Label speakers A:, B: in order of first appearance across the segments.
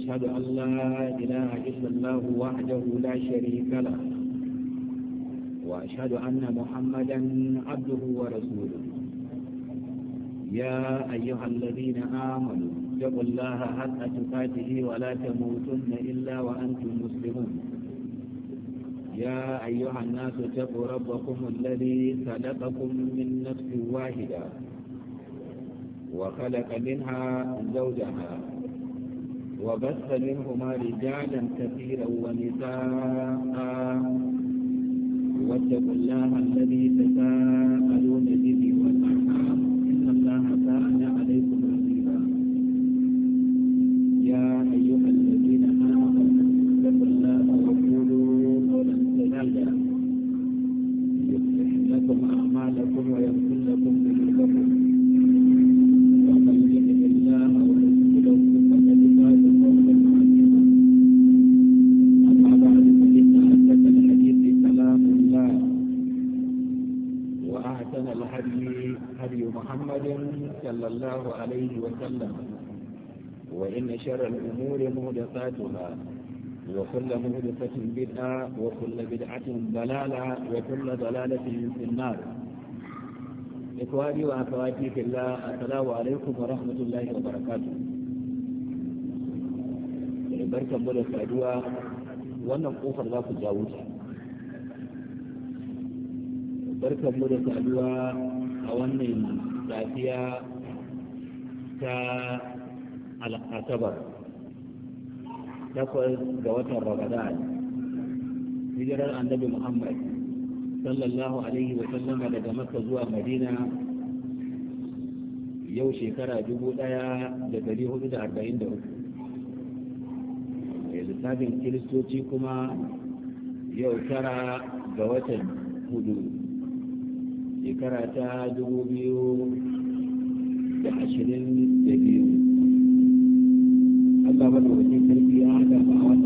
A: أشهد أن لا إله إلا الله وحده لا شريك له وأشهد أن محمدا عبده ورسوله يا أيها الذين آمنوا اتقوا الله حق تقاته ولا تموتن إلا وأنتم مسلمون يا أيها الناس اتقوا ربكم الذي خلقكم من نفس واحدة وخلق منها زوجها وبث منهما رجالا كثيرا ونساء
B: واتقوا الله الذي تساءلون
A: محدثاتها وكل مهدفة بدعة وكل بدعة ضلالة وكل ضلالة في النار إخواني وأخواتي في الله السلام عليكم ورحمة الله وبركاته بركة مولى الأدواء wannan kofar za ku بركة ta barkan mu da saduwa a takwas ga watan Ramadan hijirar annabi Muhammad sallallahu alaihi wa sallama daga Makka zuwa Madina yau shekara dubu ɗaya da dari hudu da arba'in da uku lissafin kiristoci kuma yau tara ga watan hudu shekara ta dubu biyu
B: da ashirin da biyu Allah madaukakin sarki ya haɗa ba a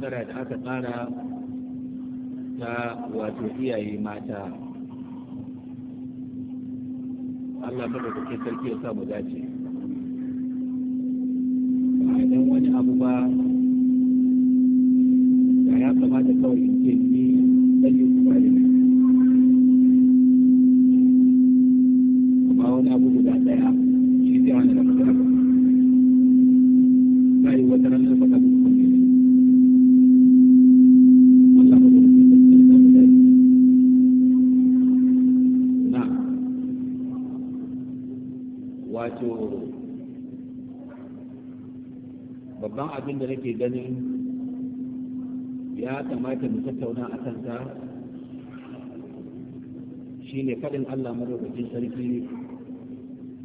A: kadara da aka tsara ta wato iyaye mata Allah kada ku
B: sarki ya sa mu dace babban abin da
A: nake ganin ya kamata mu tattauna a kansa shi ne faɗin Allah madaukakin sarki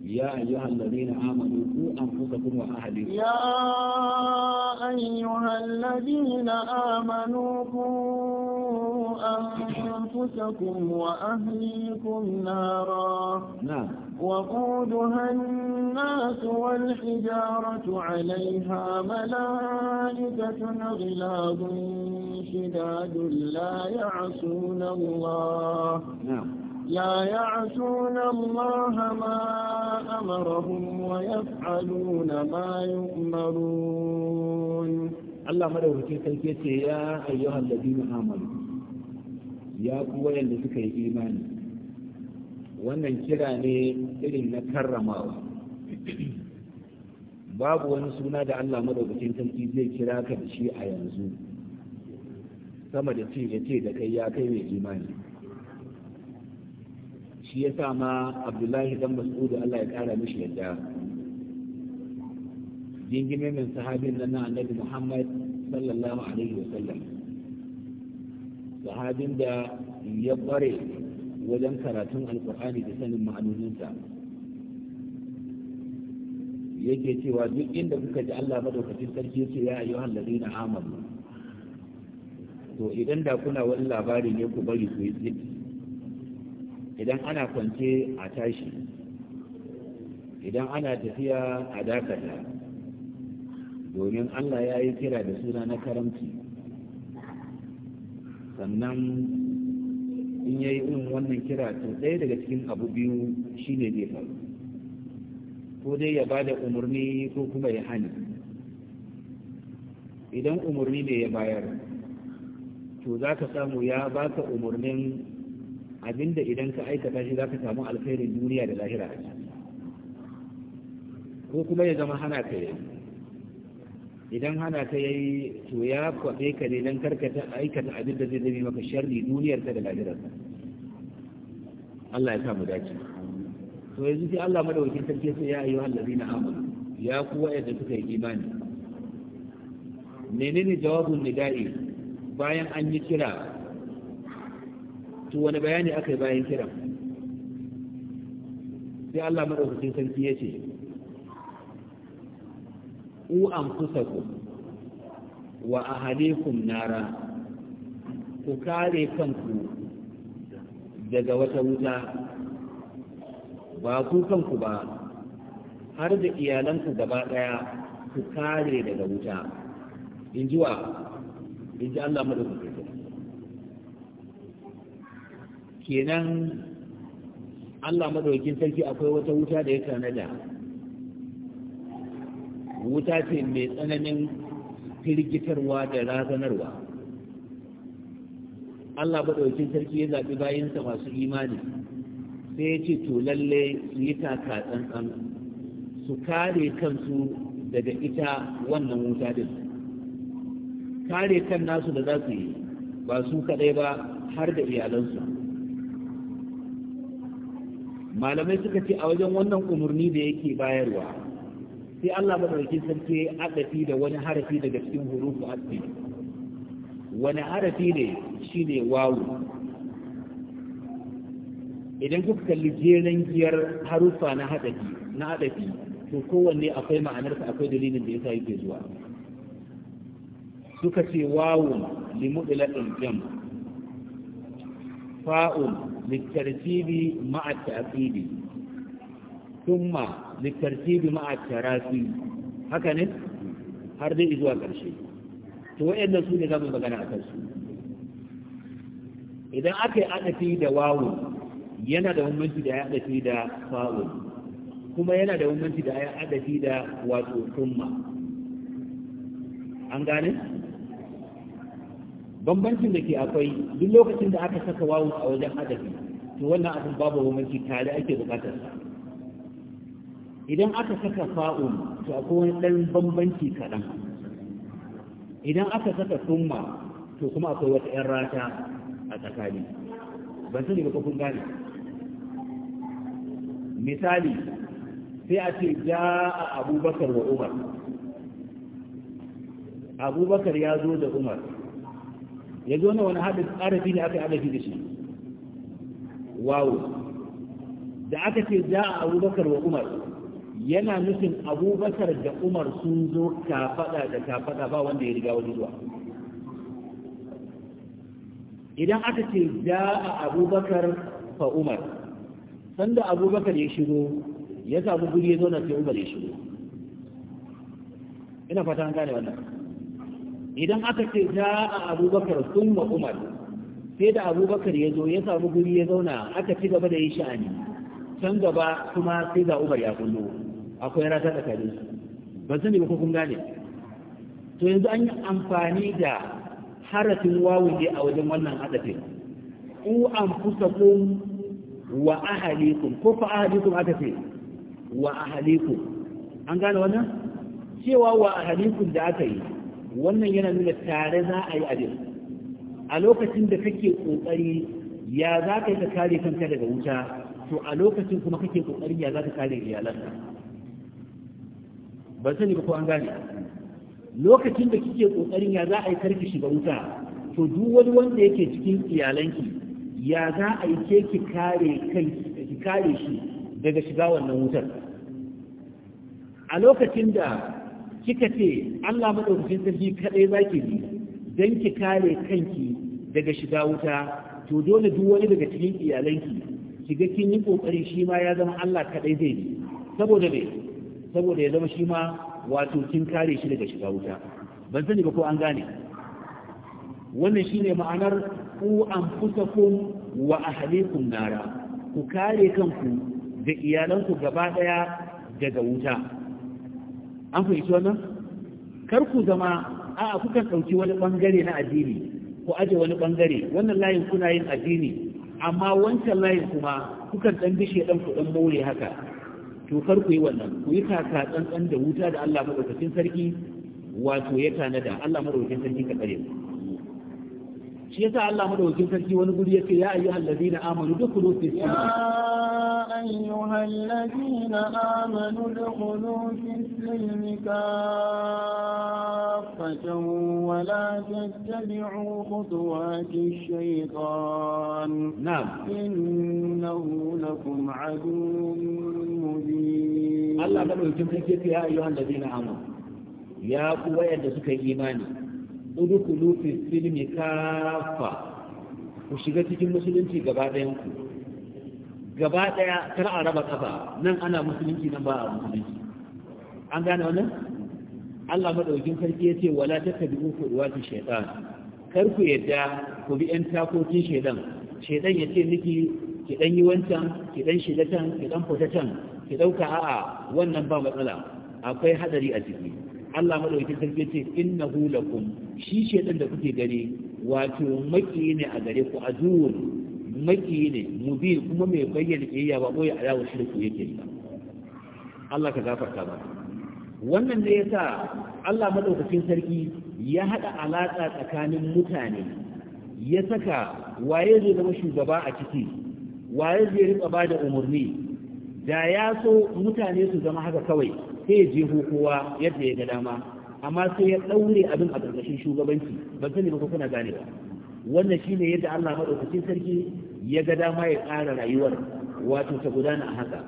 A: يا أيها الذين آمنوا قوا أنفسكم وأهلكم يا
C: أيها الذين آمنوا قوا أنفسكم وأهليكم نارا نعم وقودها الناس والحجارة عليها ملائكة غلاظ شداد لا يعصون الله نعم. لا يعصون الله ما أمرهم ويفعلون ما يؤمرون
A: الله مدعو في تلك يا أيها الذين آمنوا يا قوة التي في إيمانك wannan kira ne irin na karramawa babu wani suna da Allah madaukakin sarki zai kira ka da shi a yanzu sama da ce ya ce da kai ya kai mai imani shi ya sa ma abdullahi dan da Allah ya kara mishi yadda jingime min sahabin nan annabi Muhammad sallallahu alaihi wasallam sahabin da ya kware wajen karatun alkur'ani da sanin ma'anoninsa yake cewa duk inda kuka ji Allah madaukakin sarki yake ya ayyuhan na amanu to idan da kuna wani labari ne ku bari ku yi idan ana kwance a tashi idan ana tafiya a dakata domin Allah ya yi kira da suna na karamci sannan in yayi irin wannan kira to ɗaya daga cikin abu biyu shine zai faru ko dai ya bada umarni ko kuma ya hani idan umarni ne ya bayar to za ka samu ya baka umarnin abinda idan ka aikata shi za ka samu alkhairin duniya da lahira ko kuma ya zama hana ka yi idan hana ka yi to ya kwabe ka ne karka karkata aikata abin da zai zame maka sharri duniyar ta da lajirar Allah ya sa mu dace to yanzu sai Allah madaukakin sarki sai ya ayyuhal ladina amanu ya ku wa'anda suka yi imani menene jawabun nida'i bayan an yi kira to wani bayani aka yi bayan kiran sai Allah madaukakin sarki ya ce ku ku, wa ahlikum nara ku kare kanku daga wata wuta ba ku kanku ba har da iyalanku gaba ɗaya ku kare daga wuta in ji wa in ji Allah madaukakin kenan Allah madaukin sarki akwai wata wuta da ya tanada wuta ce mai tsananin firgitarwa da razanarwa Allah ɗaukin sarki ya zaɓi bayansa masu imani sai ya ce to lalle su yi taka tsantsan su kare kansu daga ita wannan wuta din kare kan nasu da za su yi ba su kaɗai ba har da iyalansu malamai suka ce a wajen wannan umarni da yake bayarwa sai Allah madaukakin sarki ya adafi da wani harafi daga cikin hurufu asli wani harafi ne shine wawu idan kuka kalli jeren giyar harufa na hadafi na to kowanne akwai ma'anarsa akwai dalilin da yasa yake zuwa suka ce wawun limudlatil jam fa'un litartibi ma'a ta'qibi thumma litartibi ma'a tarafi haka ne har dai zuwa ƙarshe to waɗanda su ne zamu magana a su? idan aka yi adafi da wawu yana da bambanci da ya adafi da fa'ul kuma yana da bambanci da ya adafi da wato thumma an gane bambancin da ke akwai duk lokacin da aka saka wawu a wajen adafi to wannan abin babu bambanci tare ake bukatar idan aka saka fa'un to akwai wani ɗan bambanci kaɗan idan aka saka summa to kuma akwai wata ‘yan rata a tsakani ban sani ba ko kun gane misali sai a ce ja a abubakar wa umar abubakar ya zo da umar ya zo na wani haɗin arafi ne aka yi arafi da shi wawo da aka ce ja a abubakar wa umar yana nufin abubakar da umar sun zo kafada da kafada ba wanda ya riga wani zuwa idan aka ce za a abubakar fa umar sanda abubakar ya shigo ya samu guri ya zauna sai umar ya shigo ina fata an gane wannan idan aka ce za a abubakar sun wa umar sai da abubakar ya zo ya samu guri ya zauna aka ci gaba da yi sha'ani can gaba kuma sai za umar ya kullo akwai rata tsakanin su ban sani ba ko kun gane to yanzu an yi amfani da harafin wawu ne a wajen wannan hadafin ku anfusakum wa ahalikum ko fa ahalikum aka wa ahalikum an gane wannan cewa wa ahalikum da aka yi wannan yana nuna tare za a yi abin a lokacin da kake kokari ya za ka yi ka kare kanka daga wuta to a lokacin kuma kake kokari ya za ka kare iyalanka ba sani ba ko an gane lokacin da kike kokarin ya za a yi karki ba wuta to duk wani wanda yake cikin iyalanki ya za a yi ke ki kare kai ki kare shi daga shiga wannan wutar a lokacin da kika ce Allah madaukakin sarki kadai zaki bi dan ki kare kanki daga shiga wuta to dole duk wani daga cikin iyalanki kiga kin yi kokari shi ma ya zama Allah kadai zai bi saboda me saboda ya zama shi ma wato kin kare shi daga shiga wuta ban sani ba ko an gane wannan shine ma'anar ku anfusakum wa ahlikum nara ku kare kanku da iyalanku gaba daya daga wuta an fahimci wannan kar ku zama a kuka dauki wani bangare na addini ku aje wani bangare wannan layin kuna yin addini amma wancan layin kuma kukan dan bishe dan ku dan haka to kar ku yi wannan ku yi kaka tsantsan da wuta da Allah madaukakin sarki wato ya tanada Allah madaukakin sarki ka tsare ku shi yasa Allah madaukakin sarki wani guri yace ya ayyuhal ladina amanu dukhulu fi ya
C: ayyuhal ladina amanu dukhulu fi silmi kafatan wa la tattabi'u khutuwati shaytan na'am innahu lakum aduwwun mubin
A: Allah madaukakin sarki yace ya ayyuhal ladina amanu ya kuwa yadda suka yi imani udkhulu fi filmi kafa ku shiga cikin musulunci gaba ɗayan ku gaba ɗaya kar a raba kafa nan ana musulunci nan ba a musulunci an gane wannan Allah madaukin sarki yace wala tattabi'u khutuwati shaytan kar ku yadda ku bi yan takokin shaytan shaytan yace miki ki dan yi wancan ki dan shiga can ki dan fita ki dauka a'a wannan ba matsala akwai hadari a cikin Allah madaukakin sarki ce innahu lakum shi shedan da kuke gare wato maki ne a gare ku azur maki ne mubin kuma mai bayyana iyaya ba boye alawa shirku yake ba Allah ka gafarta ba wannan ne yasa Allah madaukakin sarki ya hada alaka tsakanin mutane ya saka waye zai zama shugaba a ciki waye zai riƙa ba da umarni da ya so mutane su zama haka kawai sai ya jeho kowa yadda ya ga dama amma sai ya ɗaure abin a ƙarƙashin shugabanci ban sani ba kuna ba. wannan shine yadda Allah maɗaukacin sarki ya ga dama ya ƙara rayuwar wato ta gudana a haka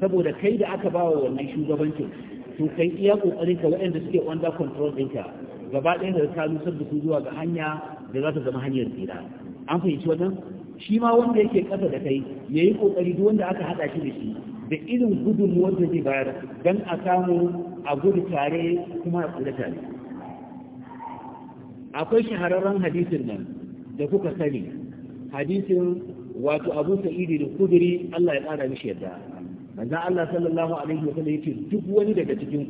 A: saboda kai da aka bawa wannan shugabancin to kai iya kokarin ka waɗanda suke under control ɗinka gaba ɗaya da ka lusar da su zuwa ga hanya da za ta zama hanyar tsira an fahimci wannan shi ma wanda yake ƙasa da kai ya yi ƙoƙari duk wanda aka haɗa shi da shi da irin gudun wanda zai bayar don a samu a gudu tare kuma a tare akwai shahararren hadisin nan da kuka sani hadisin wato abu sa'idi da kudiri Allah ya ƙara mishi yadda manza Allah sallallahu alaihi wa sallam yace duk wani daga cikin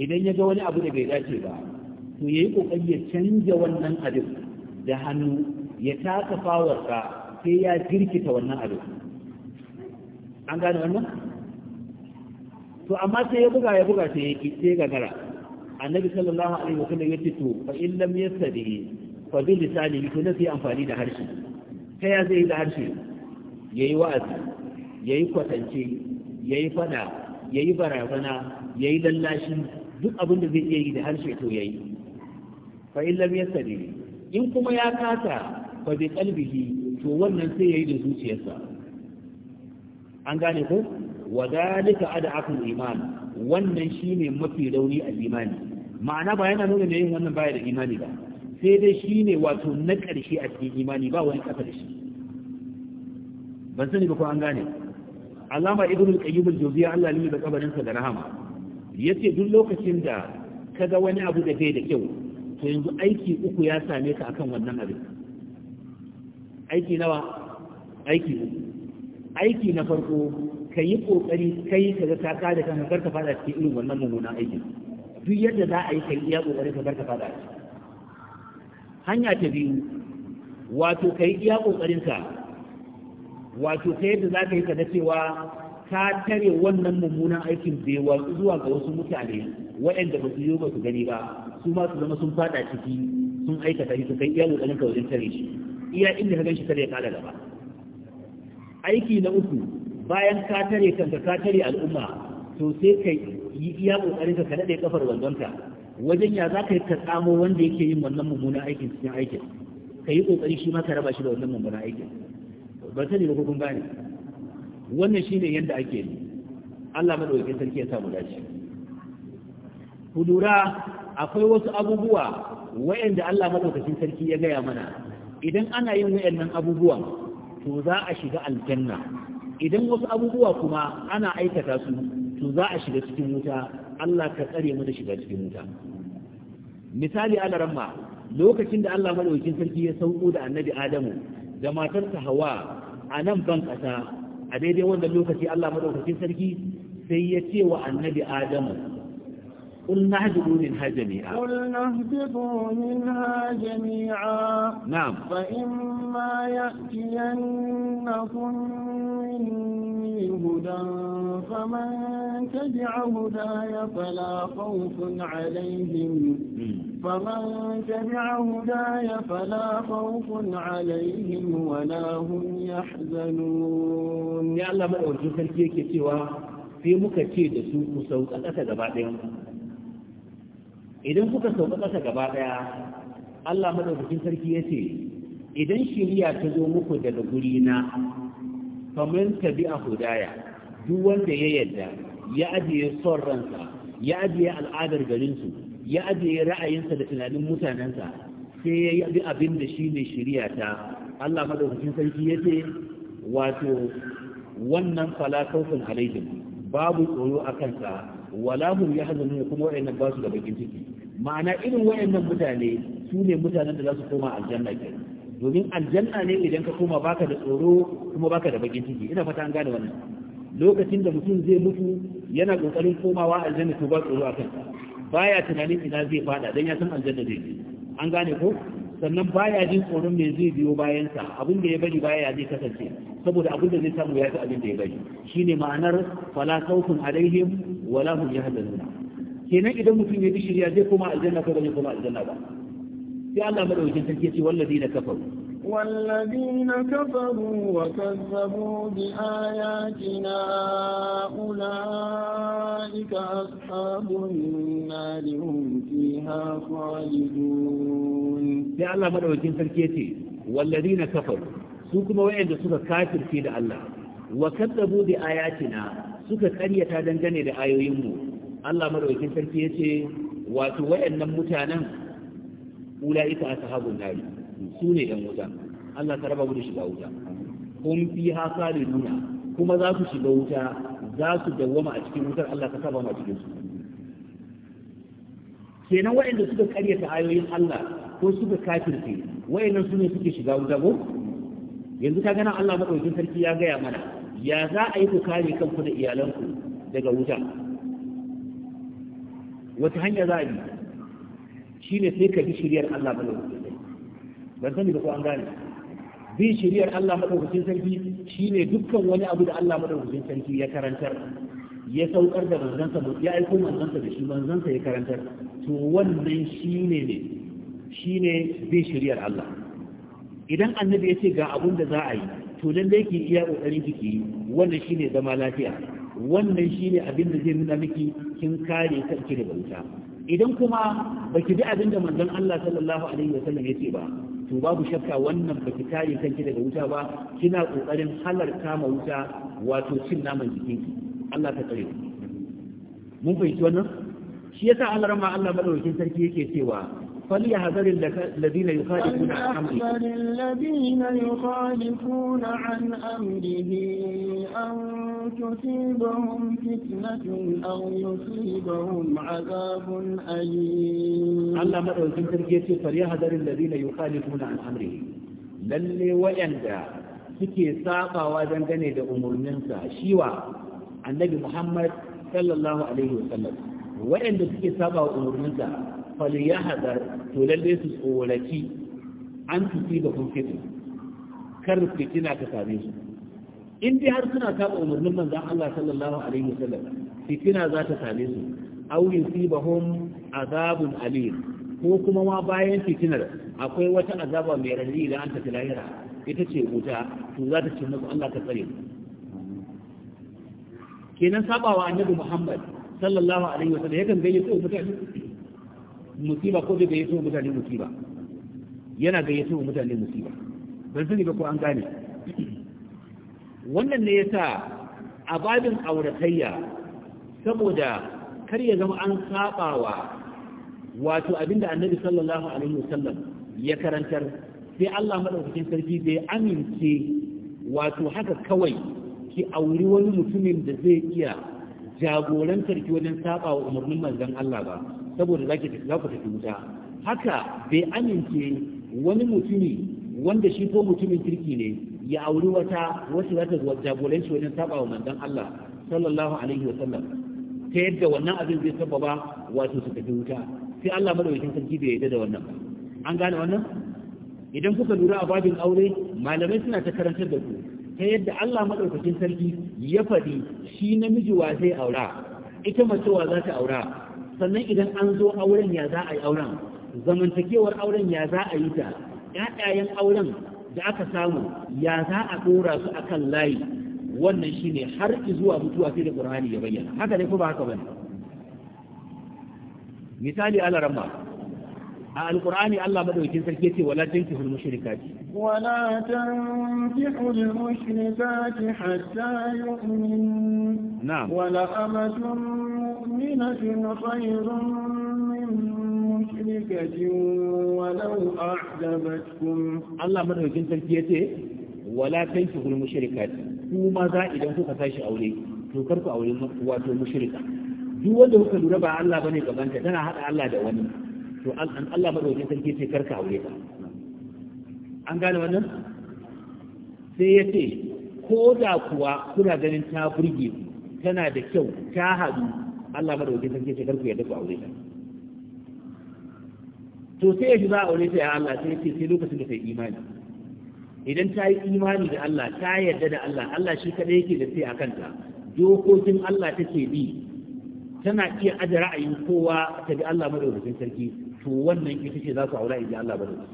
A: idan ya ga wani abu da bai dace ba to yayi kokari ya canja wannan abin da hannu ya taka fawarsa sai ya girkita wannan abin an gane wannan to amma sai ya buga ya buga sai ya ki sai gagara annabi sallallahu alaihi wa sallam yace to fa in lam yastadi fa bi lisani to sai amfani da harshe ta ya zai da harshe yayi wa'azi yayi kwatance yayi fada yayi barazana yayi lallashi duk abin da zai iya yi da harshe to yayi fa in lam yastadi in kuma ya kasa fa bi qalbihi to wannan sai yayi da zuciyarsa an gane ku wa dalika ad'aful iman wannan shine mafi rauni a imani ma'ana ba yana nuna yin wannan baya da imani ba sai dai shine wato na ƙarshe a cikin imani ba wani kafa da shi ban sani ba ko an gane Allama Ibn al-Qayyim al jawziya Allah ne da kabarin sa da rahama yace duk lokacin da kaga wani abu da bai da kyau to yanzu aiki uku ya same ka akan wannan abin aiki nawa aiki aiki na farko ka yi ƙoƙari kai ka ga ka kada kanka kar ka fada cikin irin wannan mummunan aikin duk yadda za a yi ka iya kokari ka kar ka fada hanya ta biyu wato ka yi iya ƙoƙarinka wato ka yadda za ka yi ka da cewa ka tare wannan mummunan aikin bai watsu zuwa ga wasu mutane waɗanda ba su yi ba su gani ba su ma su zama sun fada ciki sun aikata shi su kai iya ƙoƙarinka wajen tare shi iya inda ka gan shi kada ya kada gaba aiki na uku bayan ka tare kanka ka tare al'umma to sai ka yi iya kokarin ka nade kafar wandonka wajen ya zaka yi ka tsamo wanda yake yin wannan mummunan aikin cikin aikin ka yi kokari shi ma ka raba shi da wannan mummunan aikin ba sani ba kun gane wannan shine yadda ake yi Allah madaukakin sarki ya samu dace ku lura akwai wasu abubuwa wayanda Allah madaukakin sarki ya gaya mana idan ana yin wayannan abubuwan to za a shiga aljanna idan wasu abubuwa kuma ana aikata su to za a shiga cikin wuta Allah ka tsare mu da shiga cikin wuta misali alaramma lokacin da Allah madaukakin sarki ya sauko da annabi Adamu da matarsa Hawa a nan ban kasa a daidai wannan lokaci Allah madaukakin sarki sai ya ce wa annabi Adamu قلنا اهبطوا منها جميعا
C: قلنا اهبطوا منها جميعا نعم فإما يأتينكم مني هدى فمن تبع هداي فلا خوف عليهم فمن تبع هداي فلا خوف عليهم ولا هم
A: يحزنون يعلم أن الجسد يكتوى في مكتشي دسوك سوء الأسد بعدين idan kuka sauka ƙasa gaba ɗaya Allah maɗaukacin sarki ya ce idan shirya ta zo muku daga guri na famin a hudaya duk wanda ya yadda ya ajiye son ransa ya ajiye al'adar garinsu ya ajiye ra'ayinsa da tunanin mutanensa sai ya yi abin da shi ne shirya ta Allah maɗaukacin sarki ya ce wato wannan fala kaufin babu tsoro a kansa wala hum yahzanun kuma wayannan ba su da bakin ciki ma'ana irin wayannan mutane su ne mutanen da za su koma aljanna ke domin aljanna ne idan ka koma baka da tsoro kuma baka da bakin ciki ina fata an gane wannan lokacin da mutum zai mutu yana kokarin komawa aljanna to ba tsoro akan baya tunanin ina zai fada dan ya san aljanna zai an gane ko sannan baya jin tsoron me zai biyo bayansa abin da ya bari baya zai kasance saboda abin da zai samu ya fi abin da ya bari shine ma'anar fala khawfun alaihim wala hum yahzanuna kenan idan mutum ya bi shirya zai koma aljanna ko ba zai koma aljanna ba sai Allah madaukakin sarki ya ce na kafaru
C: والذين كفروا وكذبوا بآياتنا أولئك
A: أصحاب النار هم فيها خالدون يا الله مدعو جنسا كيتي والذين كفروا سوكما وعند سوكا كافر في الله وكذبوا بآياتنا suka karyata dangane da ayoyinmu Allah madaukakin sarki yace wato wayannan mutanen ulaika ashabun nari su ne ɗan wuta Allah ta raba mu da shiga wuta kun fi da nuna kuma za su shiga wuta za su dawwama a cikin wutar Allah ka saba ma cikin su kenan waɗanda suka karyata ayoyin Allah ko suka kafirce waɗannan su ne suke shiga wuta ko yanzu ka gana Allah maɗaukin sarki ya gaya mana ya za a yi ku kare kanku da iyalanku daga wuta wata hanya za a bi shi ne sai ka bi shiryar Allah maɗaukin ban sani da ko an gane bi shiriyar Allah madaukakin sarki shine dukkan wani abu da Allah madaukakin sarki ya karantar ya saukar da manzansa ya aiko manzansa da shi manzansa ya karantar to wannan shine ne shine bi shiriyar Allah idan annabi ya ce ga abun da za a yi to dan da yake iya kokarin ki yi wannan shine zama lafiya wannan shine abin da zai nuna miki kin kare kanki da bauta. idan kuma baki bi abin da manzon Allah sallallahu alaihi wasallam ya ce ba to babu shakka wannan ba ki tare kanki daga wuta ba kina kokarin halarta ma wuta wato cin naman jikinki Allah ta tsare mun fahimci wannan shi yasa Allah rama Allah madaukakin sarki yake cewa فليحذر الذين يخالفون عن أمره
C: الذين يخالفون عن أمره أن تصيبهم فتنة أو يصيبهم
A: عذاب أليم الله مرة ترجيتي فليحذر الذين يخالفون عن أمره lalle waɗanda suke saƙawa dangane da umarninsa wa annabi Muhammad sallallahu alaihi wasallam waɗanda suke saƙawa umarninsa faliyahada to lalle su tsoraki an tuti ba kun fitin kar fitina ta same su in dai har suna taɓa umarnin manzan Allah sallallahu alaihi wasallam fitina za ta same su aw yusibahum azabun alim ko kuma ma bayan fitinar akwai wata azaba mai rani da an tafi lahira ita ce wuta to za ta ce musu Allah ta tsare kenan sabawa annabi Muhammad sallallahu alaihi wasallam yakan gayyato mutane musiba ko bai gayyato wa mutane musiba yana gayyato wa mutane musiba ban sani ba ko an gane wannan ne yasa a babin auratayya saboda kar ya zama an sabawa wato abinda annabi sallallahu alaihi wasallam ya karantar sai Allah madaukakin sarki bai amince wato haka kawai ki auri wani mutumin da zai iya jagorantar ki wajen saba wa umarnin manzon Allah ba saboda za ku tafi wuta haka bai amince wani mutumi wanda shi ko mutumin kirki ne ya auri wata wasu za ta zuwa jagoranci wajen saba wa manzon Allah sallallahu alaihi wa sallam ta yadda wannan abin zai sababa wato su tafi wuta sai Allah madaukakin sarki bai yadda da wannan an gane wannan idan kuka lura a babin aure malamai suna ta karantar da ku ta yadda Allah madaukakin sarki ya faɗi shi namiji wa zai aura ita mace wa za ta aura sannan idan an zo auren ya za a yi auren zamantakewar auren ya za a yi ta ƴaƴayen auren da aka samu ya za a ɗora su a kan layi wannan shi ne har zuwa mutuwa sai da ƙur'ani ya bayyana haka ne ko ba haka bane misali alaramma a alkur'ani Allah madaukakin sarki yace wala tankihul mushrikati
C: wala tankihul mushrikati hatta yu'min na'am wala amatun mu'minatin khayrun min
A: mushrikatin walau a'jabatkum Allah madaukakin sarki yace wala tankihul mushrikati ku maza idan kuka tashi aure to karku aure wato mushrika duk wanda kuka lura ba Allah bane gabanta tana hada Allah da wani to an Allah madaukakin sarki sai karka aure ta an gane wannan sai ya ce ko da kuwa kuna ganin ta burge ku tana da kyau ta haɗu Allah madaukakin sarki sai karku yadda ku aure ta to sai ya shi za a aure ta ya Allah sai ya ce sai lokacin da ta yi imani idan ta yi imani da Allah ta yarda da Allah Allah shi kaɗai yake da sai a kanta dokokin Allah take bi tana iya aje ra'ayin kowa ta bi Allah madaukakin sarki to wannan ita ce za su aura in ji Allah ba da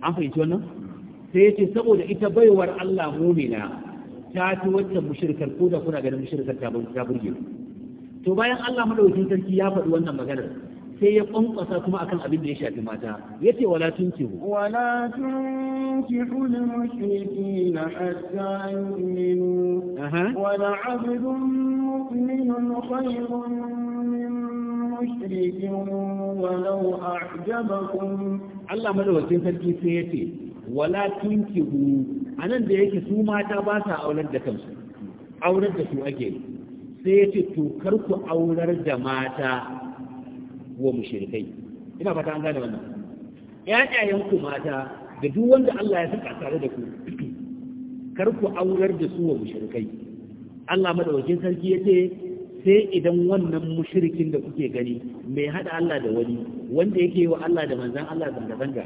A: an fahimci wannan sai ya ce saboda ita baiwar Allah mumina ta fi wancan mushirkar ko da kuna ganin mushirkar ta burge to bayan Allah madaukakin sarki ya faɗi wannan maganar sai ya kwankwasa kuma akan abin da ya shafi mata ya ce wala tun
C: wala tunkihu lil na hatta yu'minu wala 'abdun mu'minun khayrun min
A: مشرك ولو أعجبكم الله مدوكين سركي سيتي ولا a أنا da yake su mata ba sa aular da kansu aular da su ake sai ya ce to kar ku aular da mata wa mushrikai ina fata an gane wannan ƴaƴayen ku mata da duk wanda Allah ya saka tare da ku kar ku aular da su wa mushirikai. Allah madaukakin sarki ya ce. sai idan wannan mushrikin da kuke gani mai hada Allah da wani wanda yake yi wa Allah da manzan Allah zanga-zanga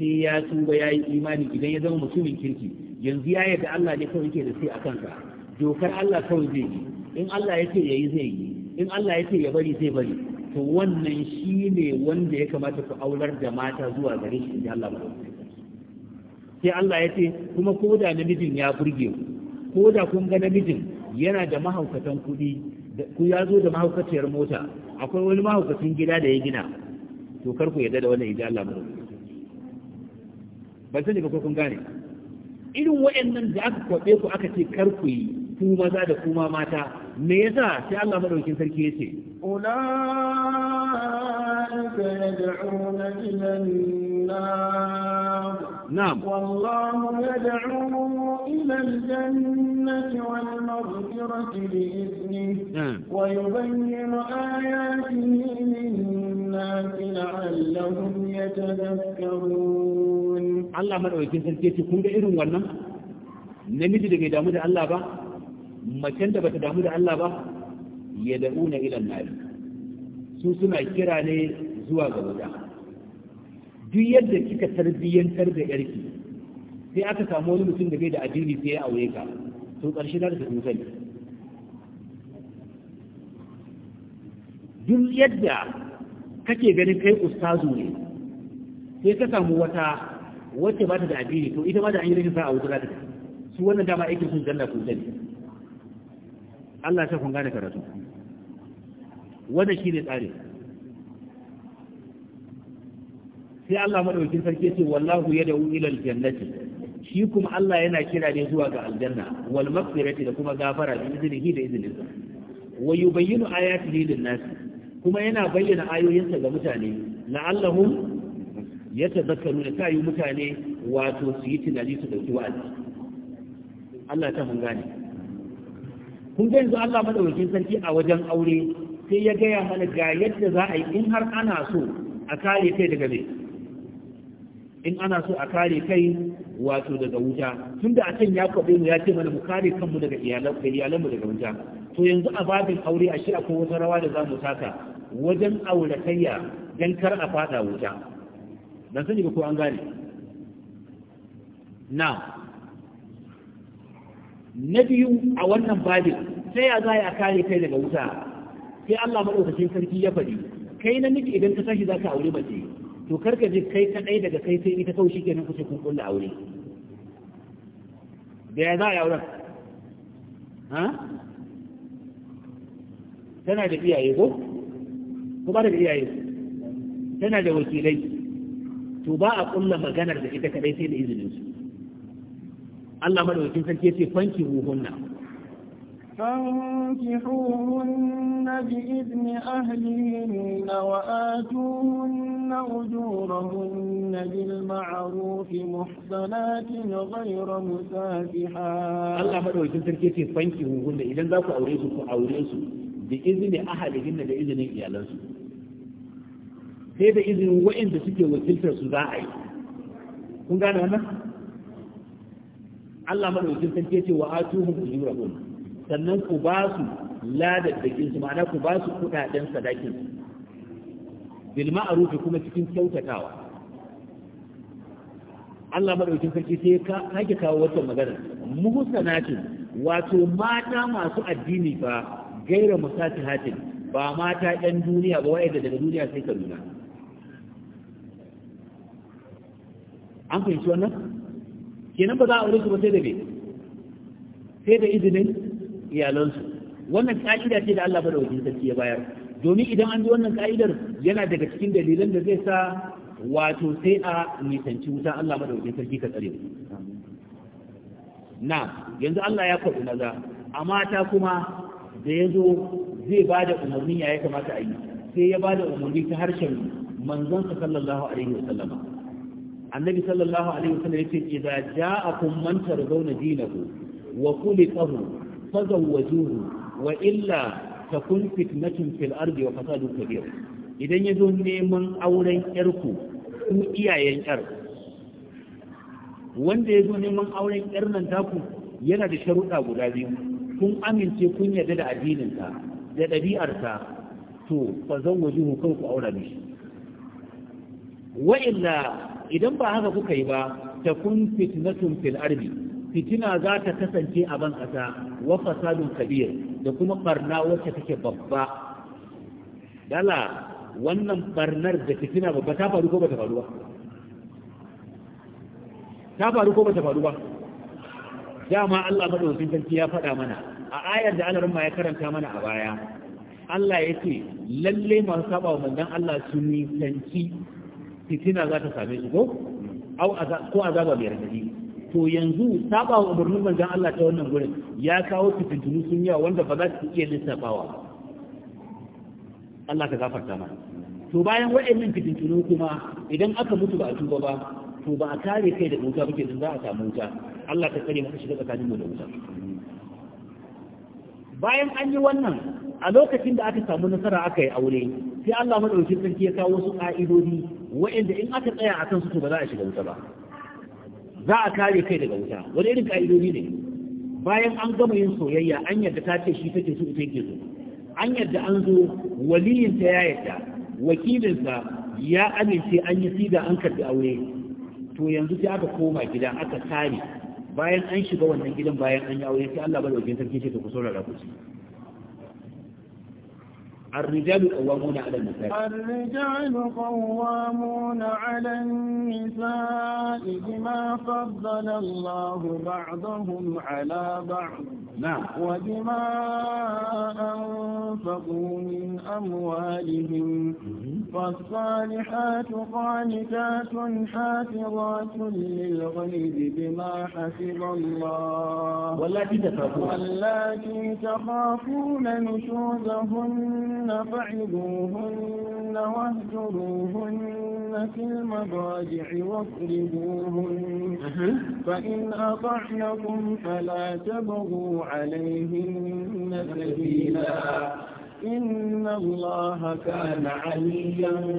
A: sai ya tuba ya yi imani idan ya zama mutumin kirki yanzu ya yarda Allah ne kawai yake da sai a kansa dokar Allah kawai zai yi in Allah ya ce ya yi zai yi in Allah ya ce ya bari zai bari to wannan shi ne wanda ya kamata ku aular da mata zuwa gare shi da Allah ba sai Allah ya ce kuma ko da namijin ya burge ku ko da kun ga namijin yana da mahaukatan kuɗi ku ya zo da mahaukaciyar mota akwai wani mahaukacin gida da ya gina to kar ku yarda da wannan idan Allah mu ban sani ba ko kun gane irin waɗannan da aka kwabe ku aka ce kar ku yi ku maza da kuma mata me yasa sai Allah madaukakin sarki yace
C: ulaika yad'una ila an-nar نعم والله يدعو إلى الجنة والمغفرة بإذنه نعم ويبين آياته للناس
A: لعلهم يتذكرون الله مرأة يتنسل كيف يكون إذن وانا namiji da bai damu da Allah ba macen da bata damu da Allah ba ya da'una ilan nari su suna duk yadda kika tarbiyyantar da yarki sai aka samu wani mutum da bai da addini sai ya aure ka to ƙarshe za ka tafi sani duk yadda kake ganin kai ustazu ne sai ka samu wata wacce ba ta da addini to ita ma da an yi rashin sa'a wuta za ta su wannan dama aikin sun zanna kun sani Allah ya sa kun gane karatu wannan shi ne sai Allah madaukakin sarki ce wallahu da ilal jannati shi kuma Allah yana kira ne zuwa ga aljanna wal maghfirati da kuma gafara bi iznihi da izninsa wa yubayyinu ayatihi lin nas kuma yana bayyana ayoyinsa ga mutane la'allahum yatadhakkaru da yi mutane wato su yi tunani su dauki wa'azi Allah ta mun gane kun ga yanzu Allah madaukakin sarki a wajen aure sai ya gaya mana ga yadda za a yi in har ana so a kare kai daga mai in ana so a kare kai wato daga wuta tunda a can ya kwabe mu ya ce mana mu kare kanmu daga iyalanmu daga wuta to yanzu a babin aure a shi akwai wata rawa da za mu taka wajen auratayya don kar a fada wuta dan sani ba ko an gane na na biyu a wannan babin sai ya za a kare kai daga wuta sai Allah maɗaukacin sarki ya faɗi kai namiji idan ka tashi za ka aure mace to karka ji kai kadai daga kai sai ita kawai nan kuce kun kulla aure da ya za a yi ha tana da iyaye ko ko ba da iyaye tana da wakilai to ba a kulla maganar da ita kadai sai da izinin su Allah madaukakin sarki ya ce fanki ruhunna
C: فانكحوهن بإذن أهلهن وآتوهن أجورهن بالمعروف محصنات غير مسافحات الله مدعو
A: يتم تركيتي فانكحوهن إذا ذاك أوريسك أوريسك بإذن أهلهن بإذن إيالانسك sai da izinin waɗanda suke wakiltar su za a yi kun gane wannan Allah madaukakin sarki ya ce wa atuhum ujurahum sannan ku ba su ladaddakin su ma'ana ku ba su kudaden sadakin su a ma'ruf kuma cikin kyautatawa Allah madaukin sarki sai ka kake kawo wata magana muhsanatin wato mata masu addini ba gaira hatin ba mata ɗan duniya ba wa'anda daga duniya sai ka nuna an fahimci wannan kenan ba za a aure su ba sai da me sai da izinin iyalansu wannan ka'ida ce da Allah ba da wajen sarki ya bayar domin idan an bi wannan ka'idar yana daga cikin dalilan da zai sa wato sai a nisanci wuta Allah ba da wajen sarki ka tsare na yanzu Allah ya faɗi maza a mata kuma da ya zo zai ba da umarni ya ya kamata a yi sai ya ba da umarni ta harshen manzonsa sallallahu alaihi wa sallama annabi sallallahu alaihi wa sallam ya yace idza ja'akum man tardawna dinahu wa khuliqahu fazawwajuhu wa illa takun fitnatun fil ardi wa fasadun kabir idan yazo neman auren yarku ku iyayen yar wanda yazo neman auren yar nan taku yana da sharuɗa guda biyu kun amince kun yarda da addininka da ɗabi'arka to fa zawwajuhu kan ku aura mishi wa illa idan ba haka kuka yi ba takun fitnatun fil ardi fitina za ta kasance a ban ƙasa wa fasadun kabir da kuma barna wacce take babba dala wannan barnar da fitina babba ta faru ko ta faru ba ta faru ko ta faru ba dama Allah madaukakin sarki ya faɗa mana a ayar da Allah ya karanta mana a baya Allah ya ce lalle masu saba wa manzon Allah sun nisanci fitina za ta same su ko au ko azaba mai radadi to yanzu saba wa umarnin manzan Allah ta wannan gurin ya kawo fitintunu sun yawa wanda ba za su iya lissafawa Allah ka gafarta mana to bayan wa'annan fitintunu kuma idan aka mutu ba a tuba ba to ba a kare kai da wuta ba kenan za a samu wuta Allah ka kare maka shiga tsakanin mu da wuta bayan an yi wannan a lokacin da aka samu nasara aka yi aure sai Allah madaukakin sarki ya kawo wasu ka'idodi wa'anda in aka tsaya akan su to ba za a shiga wuta ba za a kare kai daga wuta wani irin ka'idodi ne bayan an gama yin soyayya an yadda ta ce shi ta take so ita yake so an yadda an zo waliyinta ya yadda wakilinsa ya amince an yi siga an karbi aure to yanzu sai aka koma gida aka tare bayan an shiga wannan gidan bayan an yi aure sai Allah bai wajen sarki ce ta kusa saurara ku الرجال قوامون على النساء
C: الرجال قوامون على النساء بما فضل الله بعضهم على بعض نعم وبما أنفقوا من أموالهم فالصالحات قانتات حافظات للغيب بما حفظ الله واللاتي تخافون واللاتي تخافون نشوزهن فإن فعلوهن واهجروهن في المضاجع واضربوهن فإن أطعنكم فلا تبغوا عليهن سبيلا إن الله كان عليا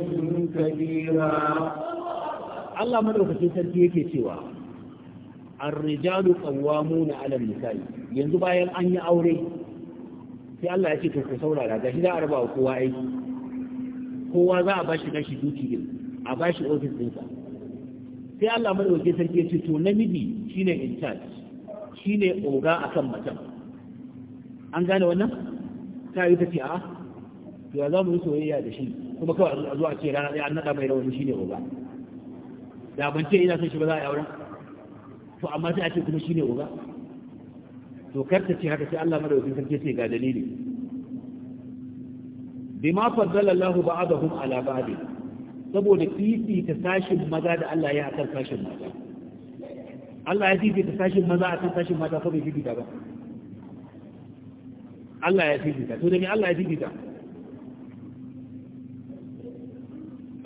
A: كبيرا الله مدوكتي في yake cewa الرجال قوامون على النساء yanzu bayan an yi sai Allah ya ce to ku saurara ga shi za a raba kowa aiki kowa za a bashi kashi duki din a bashi ofis sa sai Allah madaukakin sarki ya ce to namiji shine in charge shine oga akan macen an gane wannan ta yi ta ce a to za mu yi soyayya da shi kuma kawai a zuwa ce rana ɗaya an naɗa mai rawani shine oga da ban ce ina son shi ba za a yi auren to amma sai a ce kuma shine oga to karta ce haka sai Allah madaukakin sarki ce ga dalili bima faddala Allah ba'dahum ala ba'd saboda fifi ta sashin maza da Allah ya akan sashin maza, Allah ya fifi ta sashin maza akan sashin maza ko bai fifi ta ba Allah ya fifi ta to da me Allah ya fifi ta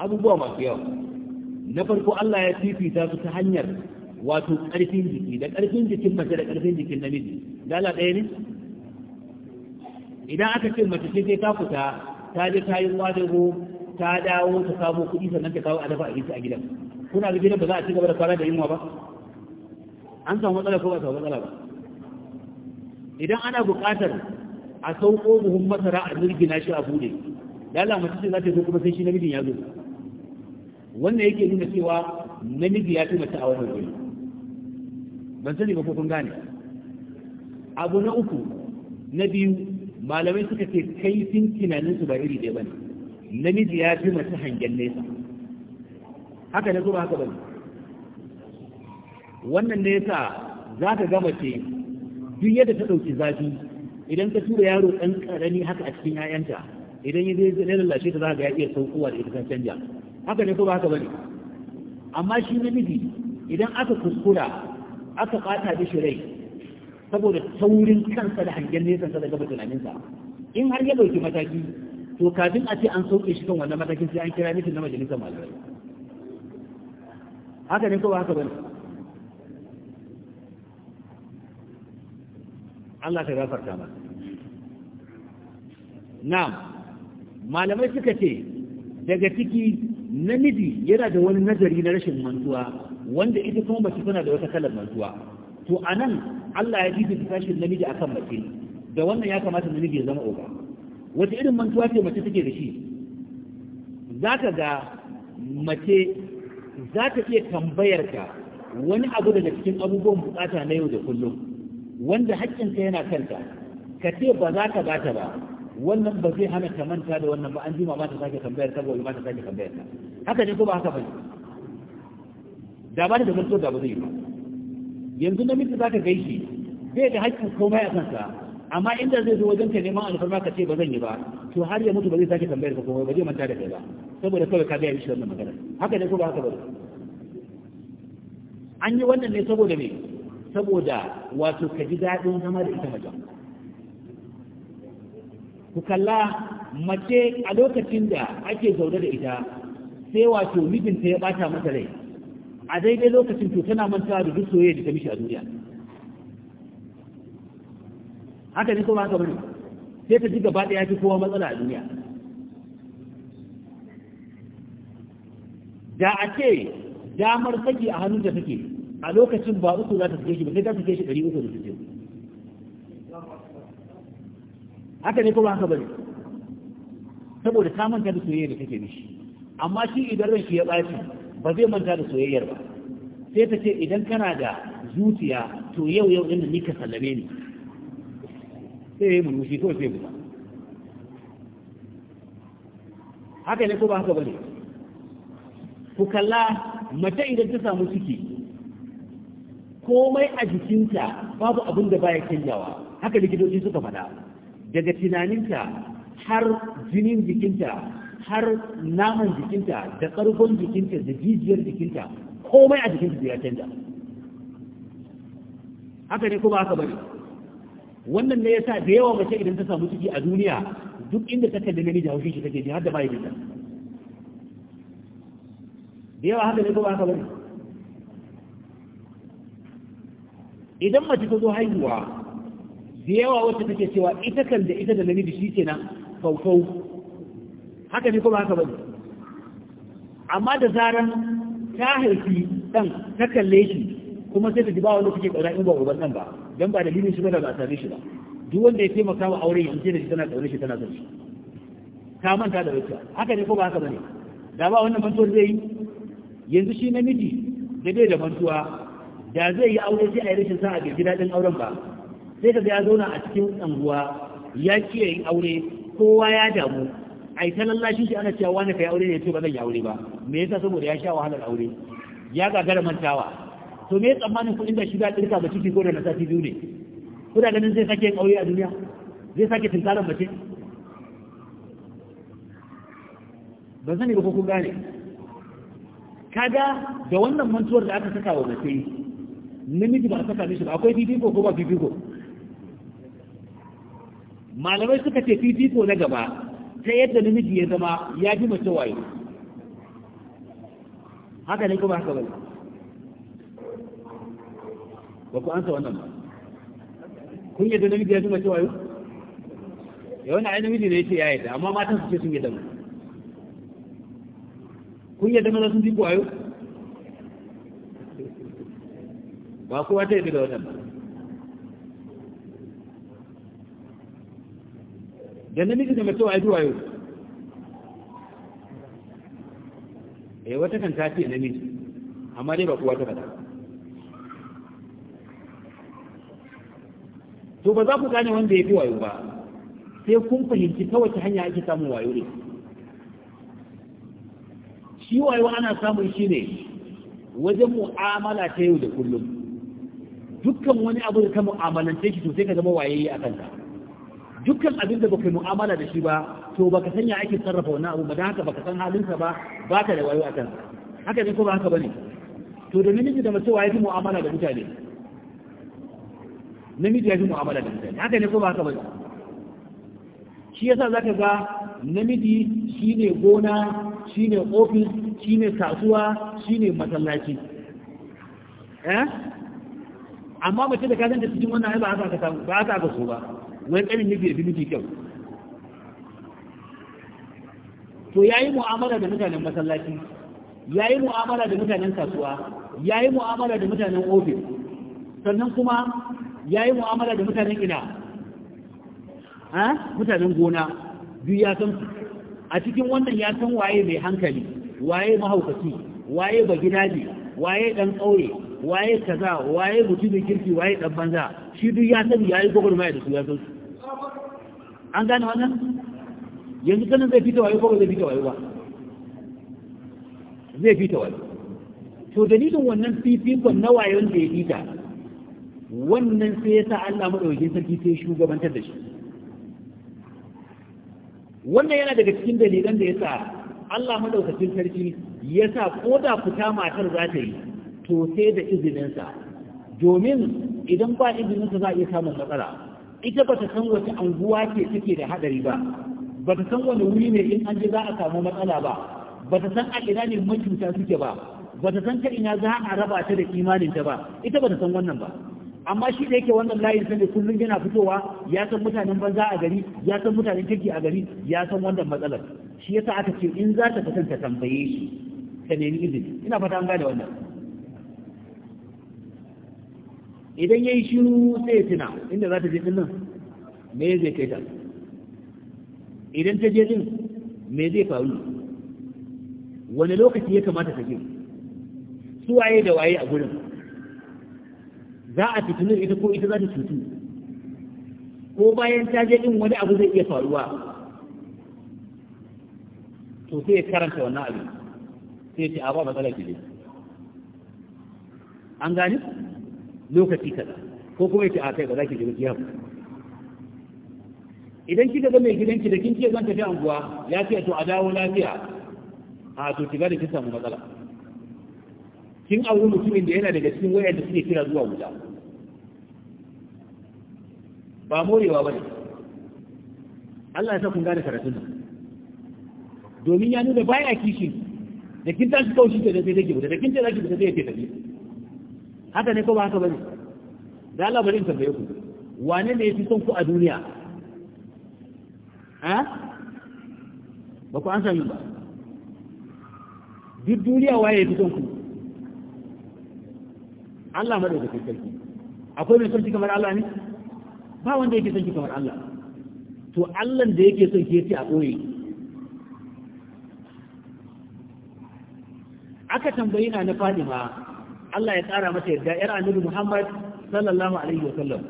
A: abubuwa masu yawa na farko Allah ya fifita su ta hanyar wato ƙarfin jiki da ƙarfin jikin mace da ƙarfin jikin namiji dala ɗaya ne idan aka ce mace ce sai ta fita ta je ta yi wadago ta dawo ta samu kuɗi sannan ta kawo a abinci a gidan kuna ga gidan ba za a ci gaba da fara da yunwa ba an samu matsala ko ba samu matsala ba idan ana buƙatar a sauko buhun masara a mirgina shi a bude dala mace ce za ta zo kuma sai shi namijin ya zo wannan yake nuna cewa namiji ya fi mace a wannan wuri ban sani ba ko kun gane abu na uku na biyu malamai suka ce kaifin tunaninsu ba iri ɗaya ba ne namiji ya fi mace hangen nesa haka na zuba haka bane wannan nesa za ka gama ce duk yadda ta ɗauki zafi idan ka tura yaro ɗan ƙarami haka a cikin 'ya'yanta idan ya zai lallashe ta za ka ga ya iya saukowa da ita kan canja haka ne ko ba haka bane amma shi namiji idan aka kuskura aka ɓata shi rai saboda saurin kansa da hangen nesan sa daga tunaninsa in har ya dauki mataki to kafin a ce an sauke shi kan wannan matakin sai an kira mitin na majalisar malamai haka ne kawai haka bane Allah ta gafarta mana na'am malamai suka ce daga ciki namiji yana da wani nazari na rashin mantuwa wanda ita kuma mace tana da wata kalar mantuwa to anan Allah ya fifita sashin namiji akan mace da wannan ya kamata namiji ya zama oga wata irin mantuwa ce mace take da shi za ka ga mace za ta iya tambayar ka wani abu daga cikin abubuwan bukata na yau da kullum wanda haƙƙinka yana kanta ka ce ba za ka ba ta ba wannan ba zai hana ta manta da wannan ba an jima ma ta sake tambayar ka gobe ba ta sake tambayar ka haka ne ko ba haka ba da ba ta da mantuwa da ba zai yi ba yanzu namiji gai gaishe zai da haƙƙin komai a kansa amma inda zai zo wajen ka neman alfarma ka ce ba zan yi ba to har ya mutu ba zai sake tambayar ka komai ba zai manta da kai ba saboda kawai ka gaya mishi wannan magana haka ne ko ba haka ba an yi wannan ne saboda me saboda wato ka ji daɗin zama da ita macen ku kalla mace a lokacin da ake zaune da ita sai wato mijinta ya bata mata rai a daidai lokacin to tana mantawa da duk soyayya da ta mishi a duniya haka ne kuma haka bane sai ta ji gaba ɗaya ta kowa matsala a duniya da a ce damar saki a hannun da take a lokacin ba uku za ta sake shi ba sai ta sake shi ɗari uku da suke haka ne kuma haka bane saboda ta manta da soyayya da take mishi amma shi idan ranki ya ɓaci ba zai manta da soyayyar ba sai ta ce idan kana da zuciya to yau yau ɗin ni ka sallame ni sai ya yi murmushi kawai sai buga haka ne ko ba haka ba ne ku kalla mace idan ta samu ciki komai a jikinta babu abin da baya canjawa haka likitoci suka faɗa daga tunaninta har jinin jikinta har naman jikinta da ƙarfin jikinta da jijiyar jikinta komai a jikinta da ya canja haka ne kuma haka bari wannan ne ya sa da yawa mace idan ta samu ciki a duniya duk inda ta kalli namiji haushin shi take jihar har da bai da da yawa haka ne kuma haka bari idan mace ta zo haihuwa da yawa wacce take cewa ita kan da ita da namiji shi kenan kaukau haka ne kuma haka bane amma da zaran ta haifi dan ta kalle shi kuma sai ta ji ba wani kuke ƙaura in ba uban ɗan ba dan ba dalilin shi ba da ba a same shi ba duk wanda ya taimaka wa aure in ce da shi tana ƙaure shi tana son Ka ta manta da wacce haka ne ko ba haka bane da ba wannan mantuwar zai yi yanzu shi namiji da bai da mantuwa da zai yi aure sai a yi rashin sa'a bai ji daɗin auren ba sai ka ga ya zauna a cikin tsanguwa ya kiyaye aure kowa ya damu ai ta lallashi shi ana cewa wani kai aure ne to ba zan yi aure ba me yasa saboda ya sha wahalar aure ya gagara mantawa to me tsammanin kuɗin da shi da a ɗirka ba ciki ko da na sati biyu ne kuna ganin zai sake yin aure a duniya zai sake tunkarar mace ba zan yi ko kun gane kaga da wannan mantuwar da aka saka wa mace namiji ba a saka mishi ba akwai fifiko ko ba fifiko malamai suka ce fifiko na gaba ta yadda namiji ya zama ya fi mace waye haka ne kuma haka bai ba ku ansa wannan ba kun yadda namiji ya fi mace wayo
B: ya
A: eh, wani ai namiji ne yace ya yadda amma matan su ce sun yadda kun yadda maza sun fi wayo ba kowa ta yadda da wannan ba da namiji da mace wa duwa yau eh wata kan ta ce namiji amma dai ba kowa ta faɗa to ba za ku gane wanda ya fi wayo ba sai kun fahimci ta wace hanya ake samun wayo ne shi wayo ana samun shi ne wajen mu'amala ta yau da kullum dukkan wani abu da ka mu'amalance shi to sai ka zama waye a kanka dukkan abin da baka mu'amala da shi ba to baka san ya ake sarrafa wannan abu ba dan haka baka san halinsa ba baka da wayo a kansa haka ne ko ba haka bane to da namiji da mace waye fi mu'amala da mutane namiji ya fi mu'amala da mutane haka ne ko ba haka bane shi yasa zaka ga namiji shine gona shine ofis shine kasuwa shine masallaci eh amma mace da ka san da cikin wannan ba haka ka samu ba haka ka so ba wai kanin miji da miji kyau to ya yi mu'amala da mutanen masallaci ya yi mu'amala da mutanen kasuwa yi mu'amala da mutanen ofis sannan kuma ya yi mu'amala da mutanen ina ha mutanen gona duk ya san a cikin wannan ya san waye mai hankali waye mahaukaci waye bagidaji waye dan kauye waye kaza waye mutumin kirki waye dan banza shi duk ya sani yayi gogor mai da su ya san su an gane wannan yanzu kanin zai fita wayo ko zai fita wayo ba zai fita wayo to dalilin wannan fifikon na wayon da ya fita wannan sai ya sa Allah madaukakin sarki sai shugabantar da shi wannan yana daga cikin dalilan da ya sa Allah madaukakin sarki ya sa ko da fita matar za ta yi to sai da izininsa domin idan ba izininsa za a iya samun matsala ita ba ta san wace anguwa ke take da hadari ba ba ta san wani wuri ne in an je za a samu matsala ba ba ta san a ina ne macuta suke ba ba ta san ta ina za a raba ta da imaninta ba ita ba ta san wannan ba amma shi da yake wannan layin sani kullum yana fitowa ya san mutanen banza a gari ya san mutanen take a gari ya san wannan matsalar shi yasa aka ce in za ta fitan ta tambaye shi ta nemi izini ina fata an gane wannan idan yayi shiru sai tuna inda za ta je din nan me zai kai ta idan ta je din me zai faru wani lokaci ya kamata ta je su waye da waye a gurin za a fitinin ita ko ita za ta cutu ko bayan ta je din wani abu zai iya faruwa to sai ya karanta wannan abin sai ce a ba matsala ki an gani lokaci kaza ko kuma yake a kai ba za ki je kiyam idan kika ga mai gidanki da kin ce zan tafi anguwa ya ce to a dawo lafiya a to kiga da kin samu matsala kin auri mutumin da yana daga cikin wayar da suke kira zuwa guda ba morewa ba ne. Allah ya sa kun gane karatun domin ya nuna baya kishin da kin tashi kawai shi da zai zai ki da kin ce zaki ki fita zai tafi haka ne ko ba haka bane da Allah bari in tambaye ku wane ne yafi son ku a duniya ha eh? ba ku an sami ba duk duniya waye yafi son ku Allah madaukakin sarki akwai mai son ki kamar Allah ne ba wanda yake son ki kamar Allah to Allah da yake son ki yace a koyi aka tambayi na na Fadima Allah ya ƙara masa yadda ‘yar annabi Muhammad sallallahu Alaihi wasallam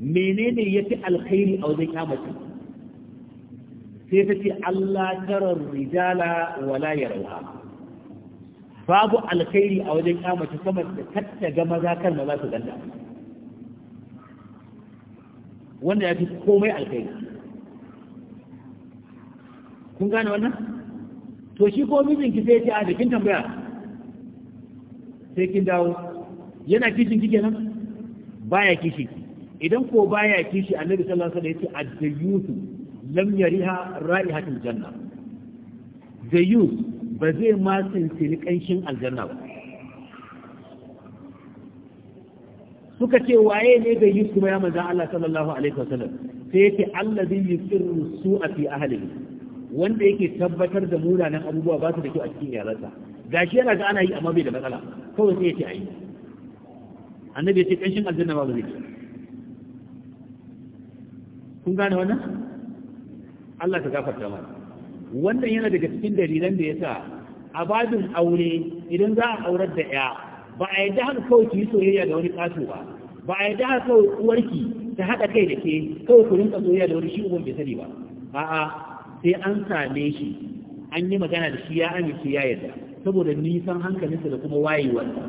A: menene ya fi alkhairi a wajen yamaci sai ta ce Allah tarar rijala wala ya rauha babu alkhairi a wajen yamaci sama da tattaga maza kan za su ganda wanda ya fi komai alkhairi kun gane wannan to shi ko mijinki sai ya ce a jikin tambaya sai kin dawo yana kishin kike nan baya kishi idan ko baya kishi annabi sallallahu alaihi wasallam yace ad dayyus lam yariha ra'ihatul janna dayyus ba zai ma ni kanshin aljanna ba suka ce waye ne da yi kuma ya manzan Allah sallallahu alaihi wasallam sai yace allazi yusirru su'a fi ahlihi wanda yake tabbatar da munanan abubuwa ba su da kyau a cikin iyalansa gashi yana ga ana yi amma bai da matsala kawai sai ya ce a yi annabi ya ce ƙanshin aljanna ba zai ci. kun gane wannan Allah ta gafarta mana wannan yana daga cikin dalilan da ya sa a babin aure idan za a aurar da ya ba a yadda haka kawai ki yi soyayya da wani ƙato ba ba a yadda haka kawai uwarki ta haɗa kai da ke kawai ku rinka soyayya da wani shi uban bai sani ba a'a sai an same shi an yi magana da shi ya amince ya yarda saboda nisan hankalinsa da kuma wayewarsa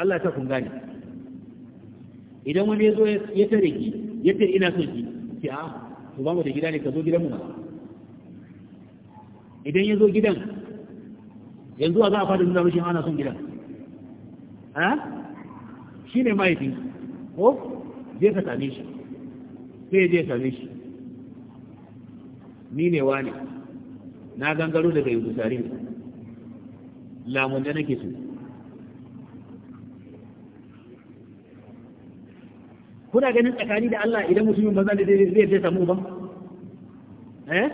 A: Allah ta kun gane idan wani ya zo ya tare ki ya tare ina son ki ki a ku ba mu da gida ne ka zo gidanmu ba idan ya zo gidan yanzu a za a fada nuna mashi ana son gidan ha shi ne mahaifi ko zai ka same shi sai ya je ya same shi ni ne wa ne na gangaro daga yugosari lamun da nake su kuna ganin tsakani da Allah idan mutumin ba zai zai zai samu ba eh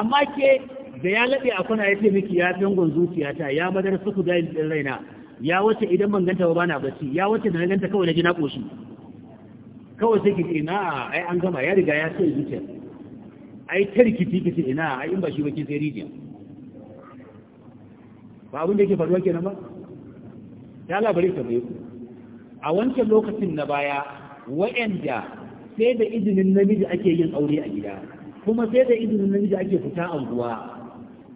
A: amma ke da ya labe a kuna ce miki ya tangon zuciyata ya madar suku da din raina ya wace idan ban ganta ba bana bacci ya wace da na ganta kawai na ji na kawai sai ki ce na ai an gama ya riga ya sai zuciya ai ta rikici kace ina ai in ba shi ba kin sai rijiya ba abin da yake faruwa kenan ba ta labarai ta bai a wancan lokacin na baya wa'anda sai da izinin namiji ake yin aure a gida kuma sai da izinin namiji ake fita a anguwa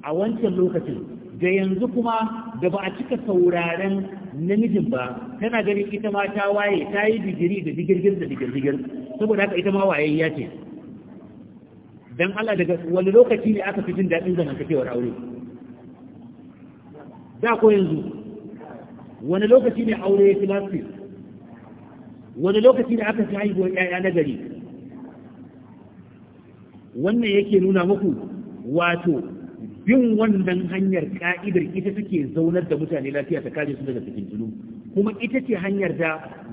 A: a wancan lokacin da yanzu kuma da ba a cika sauraren namijin ba tana ganin ita ma ta waye ta yi digiri da digirgir da digirgir saboda haka ita ma waye ya ce dan Allah daga wani lokaci ne aka fi jin daɗin zamantakewar aure da ko yanzu wani lokaci ne aure ya fi lafi wani lokaci ne aka fi haihuwar ƴaƴa na gari wannan yake nuna muku wato bin wannan hanyar ka'idar ita take zaunar da mutane lafiya ta kare su daga cikin tulu kuma ita ce hanyar da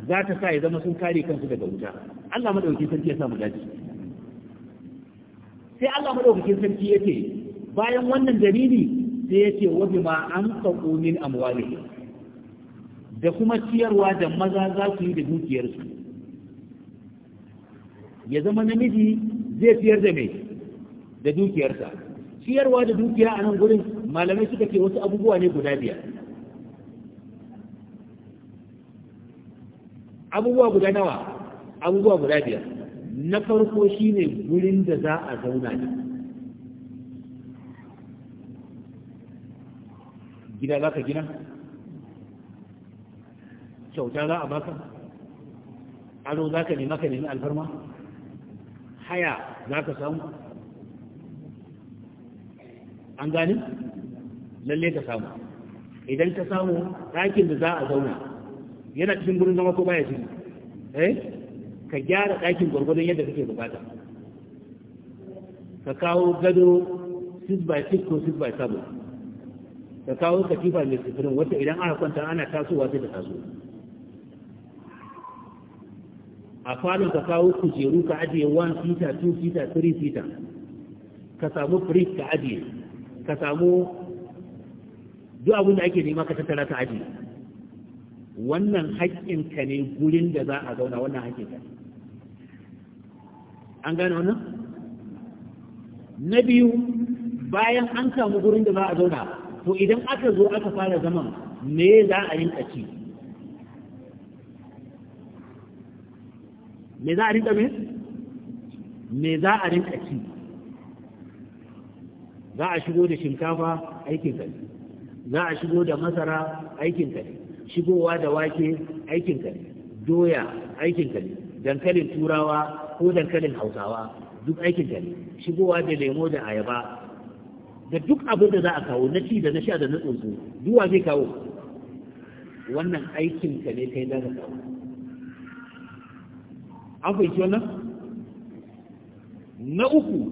A: za ta sa ya zama sun kare kansu daga wuta Allah madauki sarki ya sa mu dace sai Allah madaukakin sarki yake bayan wannan dalili sai yake wa ma an saqu min amwali da kuma ciyarwa da maza za su yi da dukiyarsu ya zama namiji zai ciyar da mai da dukiyarsa ciyarwa da dukiya a nan gurin malamai suka ce wasu abubuwa ne guda biyar abubuwa guda nawa abubuwa guda biyar na farko ne gurin da za a zauna ne gida za ka gina kyauta za a baka aro za ka nema ka nemi alfarma haya za ka samu an gani lalle ka samu idan ka samu ɗakin da za a zauna yana cikin gurin zama ko baya ciki eh ka gyara ɗakin gwargwadon yadda kake bukata ka kawo gado 6 by 6 ko 6 by 7 ka kawo katifa mai sifirin wata idan aka kwanta ana tasowa sai da taso a falon ka kawo kujeru ka ajiye 1 fita 2 fita 3 fita ka samu fridge ka ajiye ka samu duk abin da ake nema ka tattara ka ajiye wannan haƙƙinka ne gurin da za a zauna wannan haƙƙinka an gane wannan na biyu bayan an samu gurin da za a zauna to idan aka zo aka fara zaman me za a rinka ci me za a rinka me me za a rinka ci za a shigo da shinkafa aikin kare za a shigo da masara aikin kare shigowa da wake aikin ka ne doya aikin ka ne dankalin turawa ko dankalin hausawa duk aikin ka ne shigowa da lemo da ayaba da duk abin da za a kawo na ci da na sha da na tsuntsu duwa zai kawo wannan aikin ka ne kai za ka kawo an fahimci wannan na uku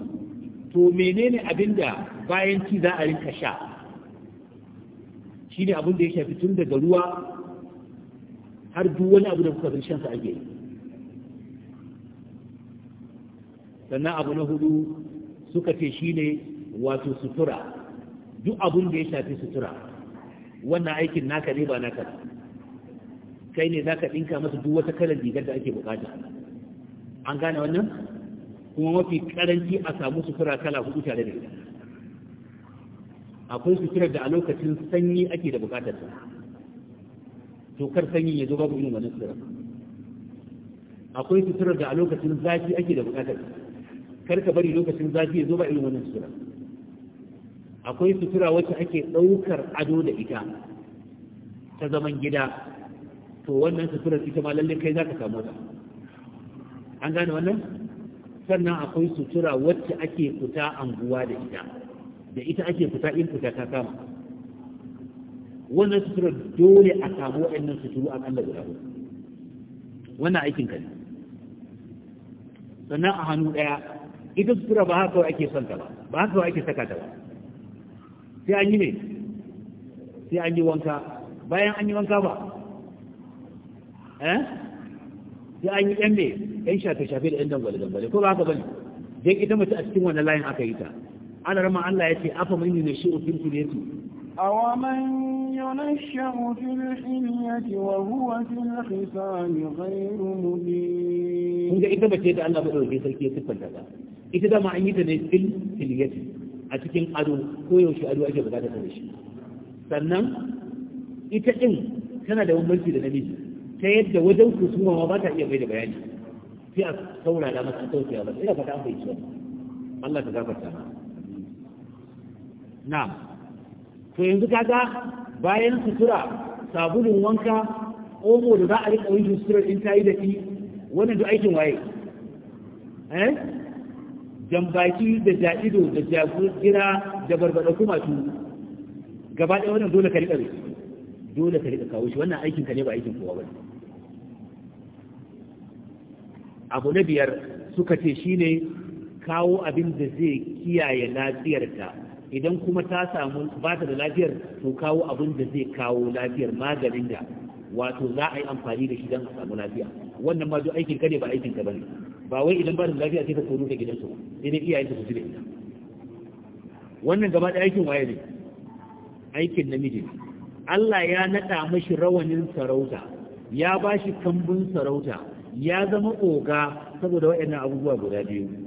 A: to menene abin da bayan ci za a rinka sha shine abin da ya shafi tun daga ruwa har duk wani abu da kuka san shansa ake yi sannan abu na hudu suka ce shi ne wato sutura duk abin da ya shafi sutura wannan aikin naka ne ba naka kai ne za ka ɗinka masa duk wata kalar rigar da ake bukata an gane wannan kuma mafi karanci a samu sutura kala hudu tare da ita akwai suturar da a lokacin sanyi ake da bukatar ta to kar sanyi ya zo babu irin wannan suturar akwai suturar da a lokacin zafi ake da bukatar ta kar ka bari lokacin zafi ya zo ba irin wannan suturar akwai sutura wacce ake ɗaukar ado da ita ta zaman gida to wannan suturar ita ma lalle kai za ka samu ta an gane wannan sannan akwai sutura wacce ake fita anguwa da ita da ita ake fita in fita ta kama wannan sutura dole a samu waɗannan suturu a ƙalla guda hudu wannan aikin ka ne sannan a hannu ɗaya ita sutura ba haka ake son ba ba haka ake saka ta ba sai an yi ne sai an yi wanka bayan an yi wanka ba eh sai an yi ɗan ne ɗan shafe-shafe da ɗan dangwale-dangwale ko ba haka ba ne don ita mace a cikin wannan layin aka yi ta ana rama Allah ya ce afa man yunashu fil
C: A aw man yunashu fil hilyati wa huwa fil khisami ghayru mubin
A: kun ga ita bace da Allah madaukakin sarki ya siffanta ba ita dama an yi ta ne fil hilyati a cikin ado ko yaushe ado ake bukata ta shi sannan ita din tana da bambanci da namiji ta yadda wajen kusuma ma ba ta iya bai da bayani sai a saurara sauƙi a tausaya masa ina fata an bai ciwon Allah ta gafarta ma Na, to yanzu kaga bayan sutura sabulun wanka omo da za a rika wani sutura in ta yi da shi wannan duk aikin waye eh jambaki da ja'ido da jagira da barbada kuma tu gaba ɗaya wannan dole ka rika dole ka rika kawo shi wannan aikin ka ne ba aikin kowa bane abu na biyar suka ce shine kawo abin da zai kiyaye lafiyarka idan kuma ta samu ba ta da lafiyar to kawo abin da zai kawo lafiyar maganin da wato za a yi amfani da shi don a samu lafiya wannan ma duk aikin ka ne ba aikin ka bane ba wai idan ba da lafiya sai ka tsoro gidan gidansu sai dai iyayen su jira ita wannan gaba da aikin waye ne aikin namiji Allah ya nada mashi rawanin sarauta ya bashi kambun sarauta ya zama oga saboda waɗannan abubuwa guda biyu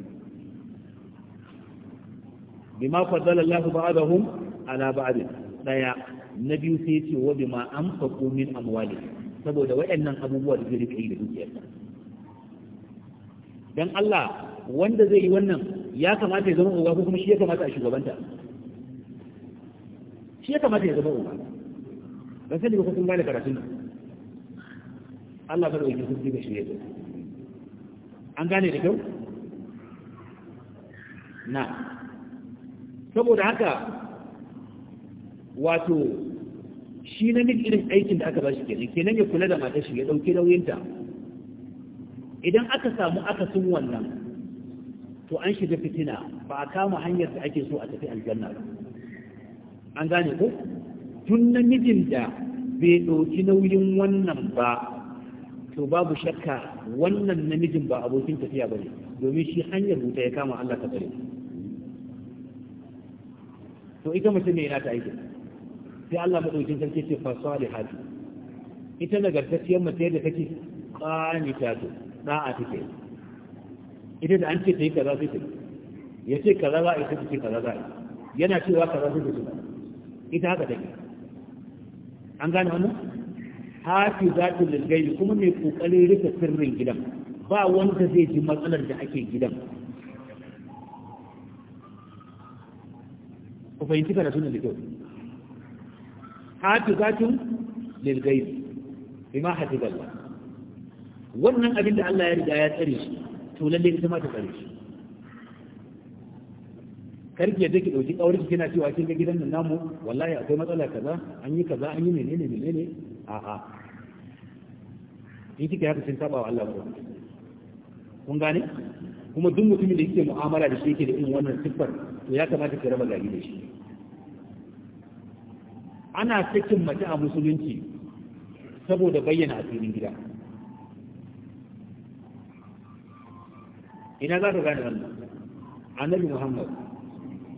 A: bima faddala Allah ba'dahum ala ba'd daya na biyu sai ya ce wa bima anfaqu min amwali saboda waɗannan abubuwa da zai rika yi da dukiyarsa dan Allah wanda zai yi wannan ya kamata ya zama uba ko kuma shi ya kamata a shugabanta shi ya kamata ya zama uba ban sani ba ko kun gane karatun nan Allah bar wajen sun ga shirye an gane da kyau na saboda haka wato shi na nan irin aikin da aka ba shi kenan kenan ya kula da matar shi ya dauke nauyinta idan aka samu akasin wannan to an shiga fitina ba a kama hanyar da ake so a tafi aljanna ba an gane ko tun namijin da bai ɗauki nauyin wannan ba to babu shakka wannan namijin ba abokin tafiya ba ne domin shi hanyar wuta ya kama Allah ta tsare to ita mace ne ta aikin sai Allah madaukin sarki ce fa salihatu ita nagartacciyar mace da take qanita to da'a take ita da an ce ta yi kaza sai ta ya ce kaza za a yi ta ce kaza za a yi yana cewa kaza sai ta ce ita haka take an gane wannan za lil gaibi kuma mai kokarin rufe sirrin gidan ba wanda zai ji matsalar da ake gidan ku fahimci karatun da kyau hafizatun lil ghaib bima hafizallah wannan abin da Allah ya riga ya tsare shi to lalle ita ma ta tsare shi karki yadda ki dauki kawar kina cewa kin ga gidan nan namu wallahi akwai matsala kaza an yi kaza an yi menene menene a'a in kika haka sun saba wa Allah ko kun gane kuma duk mutumin da yake mu'amala da shi yake da irin wannan siffar to ya kamata ka raba gari da shi ana sakin mace a musulunci saboda bayyana a filin gida ina za ka gane wannan annabi muhammad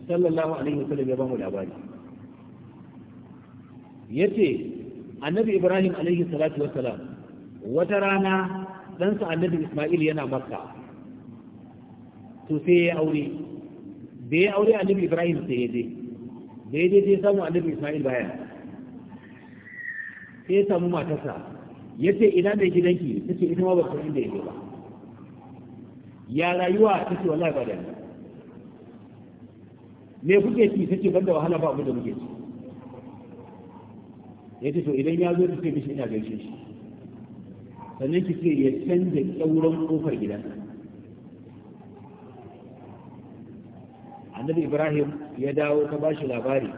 A: sallallahu alaihi wasallam ya ba mu labari yace annabi ibrahim alaihi salatu wassalam wata rana ɗansa annabi isma'il yana makka to sai ya aure da ya aure a annabi ibrahim sai ya je da ya je sai samu annabi isma'il baya sai ya samu matarsa ya ce ina mai gidanki ta ce ita ma ba san inda ya je ba ya rayuwa ta ce wallahi ba da ni me kuke ci ta ce ban da wahala ba mu da muke ci ya ce to idan ya zo ta ce mishi ina gaishe shi sannan ki ce ya canza tsauran kofar gidansa annabi ibrahim ya dawo ta bashi labari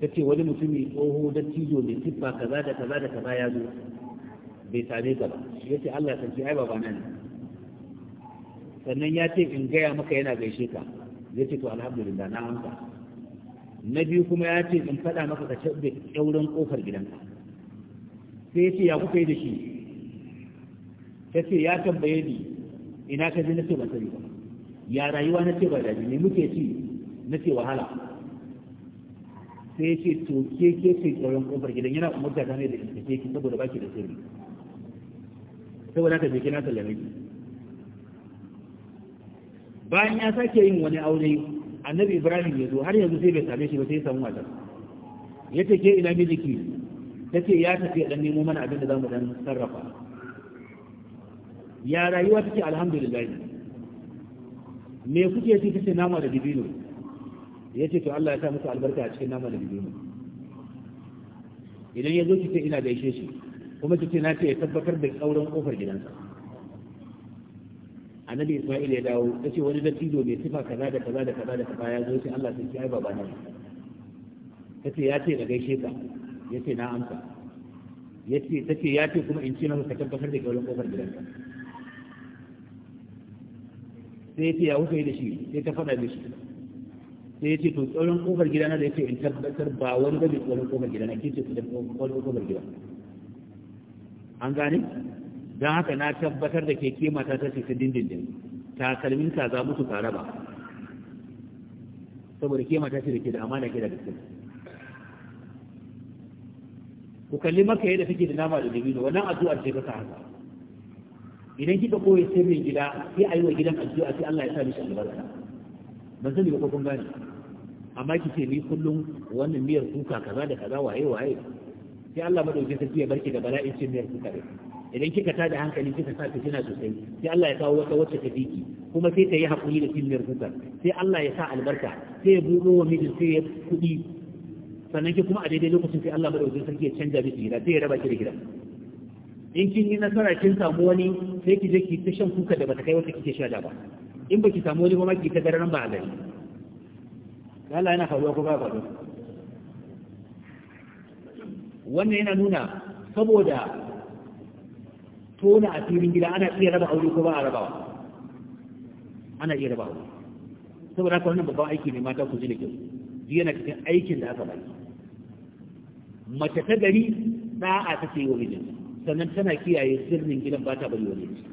A: ta ce wani mutumi tsoho da tijo mai siffa kaza da kaza da kaza ya zo bai same ka ba ya ce allah sarki ai baba nan sannan ya ce in gaya maka yana gaishe ka ya ce to alhamdulillah na amsa na biyu kuma ya ce in faɗa maka ka da ƙyauren ƙofar gidanka sai ya ce ya kuka yi da shi ta ce ya tambaye ni ina ka ji na ce ba sani ba ya rayuwa na ce ba daji ne muke ci na ce wahala sai ya ce to ke ke ce tsoron kofar gidan yana umarta ta ne da ita ke saboda baki da sirri saboda haka bai na sallame ki bayan ya sake yin wani aure annabi ibrahim ya zo har yanzu sai bai same shi ba sai ya samu matar ya ce ke ina miliki ta ce ya tafi dan nemo mana abin da za mu dan sarrafa ya rayuwa take alhamdulillah me kuke ce kace nama da dibino ya ce to Allah ya sa musu albarka a cikin nama da bibino idan ya zo ki ce ina gaishe shi kuma ki ce na ce ya tabbatar da kauran kofar gidansa annabi Isma'il ya dawo ya ce wani dattijo mai sifa kaza da kaza da kaza da kaza ya zo sai Allah sai ya baba na ta ce ya ce na gaishe ka ya ce na amsa ya ce ta ce ya ce kuma in ce na ka tabbatar da kauran kofar gidansa sai ya ce ya wuce da shi sai ta faɗa da shi sai ya ce to tsoron kofar gidana da ya ce in tabbatar ba wani gabi tsoron kofar gida na ke ce da tsoron kofar gida an gane don haka na tabbatar da keke mata ta ce ta dindindin ta kalmin ta za musu tare ba saboda ke mata ce da ke da amana ke da gaske ku kalli maka yadda take da nama da dabino wannan addu'ar ce ta haka idan kika koyi sirrin gida sai a yi wa gidan addu'a sai Allah ya sa mishi albarka ban sani ba ko kun gane amma ki ce ni kullum wannan miyar kuka kaza da kaza waye waye sai Allah madauki sarki ya barki da bala'in cin miyar kuka da idan kika tada hankali kika sa fitina sosai sai Allah ya kawo wata wacce ta biki kuma sai ta yi hakuri da cin miyar kuka sai Allah ya sa albarka sai ya buɗo wa mijin sai ya kuɗi sannan ki kuma a daidai lokacin sai Allah madauki sarki ya canja miki gida sai ya raba ki da gida in kin yi nasara kin samu wani sai ki je ki ta shan kuka da bata kai wata kike sha da ba in baki samu wani ba ma ki ta gararan ba a gari Allah yana faruwa ko ba faruwa wannan yana nuna saboda tona a filin gida ana iya raba aure ko ba a rabawa ana iya raba aure saboda haka wannan babban aiki ne mata ku ji da kyau ji yana cikin aikin da aka baki mace ta gari da'a ta ce wa mijin sannan tana kiyaye sirrin gidan ba ta bari wani mijin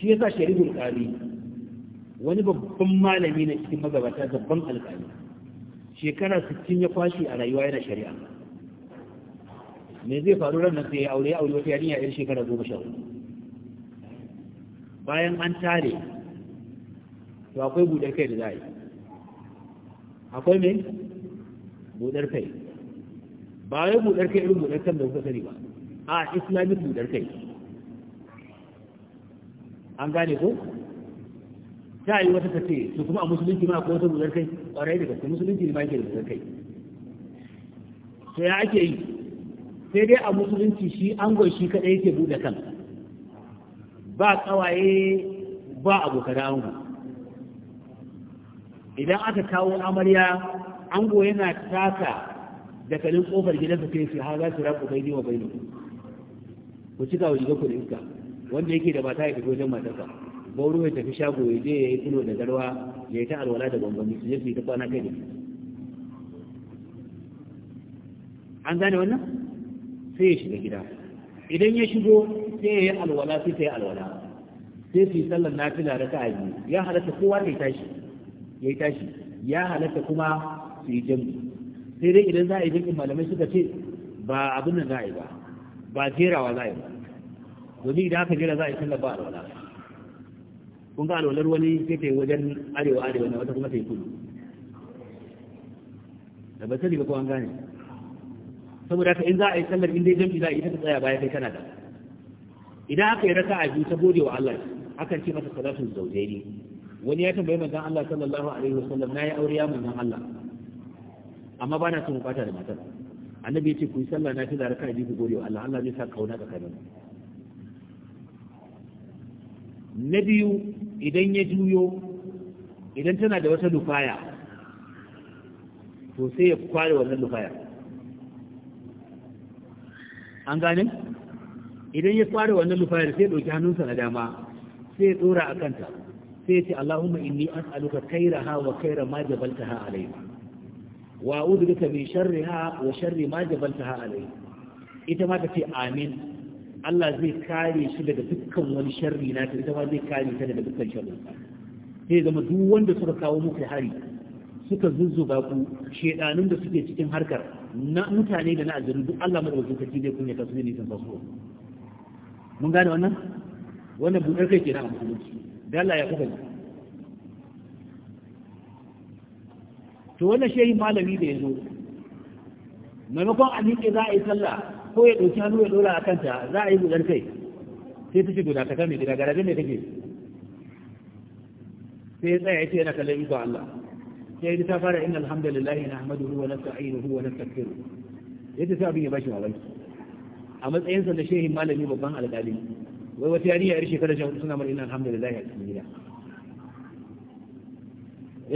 A: shi yasa shari'ul qali wani babban malami na cikin magabata babban alƙali shekara 60 ya kwashi a rayuwa yana shari'a me zai faru ran nan sai ya aure ya aure wata yarinya yar shekara 14 bayan an tare to akwai budar kai da za yi akwai me budar kai ba wai budar kai irin budar kan da kuka sani ba a islamic budar kai an gane ko ta yi wata ta ce su kuma a musulunci ma akwai wata rudar kai ƙwarai da gaske musulunci ne ma yake da rudar kai to ya ake yi sai dai a musulunci shi angon shi kaɗai yake buɗe kan ba ƙawaye ba abokan ango idan aka kawo amarya ango yana taka dakalin ƙofar gidansa kai su har za su rabu bai wa bai ku cika wa shiga ku da iska wanda yake da mata ya fito wajen matarsa bauru ya tafi shago ya je ya yi kulo da garwa ya yi ta alwala da bambam su je su yi ta kwana kai da an gane wannan sai ya shiga gida idan ya shigo sai ya yi alwala sai ta yi alwala sai su yi sallar nafila da ta biyu ya halatta kowa ta yi tashi ya yi tashi ya halatta kuma su yi jami sai dai idan za a yi jirgin malamai suka ce ba abin nan za a yi ba ba jerawa za a yi ba domin idan aka jera za a yi sallar ba alwala kun ga alwalar wani sai ta yi wajen arewa arewa na wata kuma ta yi kudu da ba sani ba ko an gane saboda ka in za a yi sallar inda ya jami'a za ta tsaya baya kai kana da idan aka yi raka a biyu ta gode wa Allah akan ce masa salatu zaujaini wani ya tambaye manzon Allah sallallahu alaihi wasallam Na yi aure ya manzon Allah amma ba na son bata da matar annabi ya ce ku yi sallah na fi da raka a biyu ku gode wa Allah Allah zai sa kauna tsakanin na biyu idan ya juyo idan tana da wata lufaya to sai ya kware wannan lufaya an gane idan ya kware wannan lufayar sai ɗauki hannunsa na dama sai ya tsora a kanta sai ya ce Allahumma inni as'aluka ha wa kaira ma ha alayhi wa a'udhu bika min ha wa sharri ma ha alayhi ita ma ta ce amin Allah zai kare shi daga dukkan wani sharri na ta ma zai kare ta daga dukkan sharri sai zama duk wanda suka kawo muku hari suka zuzzuba ku shedanun da suke cikin harkar na mutane da na aljanu duk Allah madaukakin sarki zai kunya kasu ne san fasu mun gane wannan wannan budar kai kenan a musulunci da Allah ya kuka to wannan shehi malami da yazo maimakon a miƙe za a yi sallah ko ya ɗauki hannu ya ɗora a kanta za a yi buɗar kai sai ta ce guda dakata kame gida garaje ne kake sai ya tsaya ce yana kallon ikon Allah sai ya ta fara inna alhamdulillahi nahmaduhu wa na sakiru ya yadda sa abin ya bashi mamaki a matsayinsa na shehin malami babban alƙali wai wata yariya yar shekara shan suna mara inna alhamdulillahi a cikin gida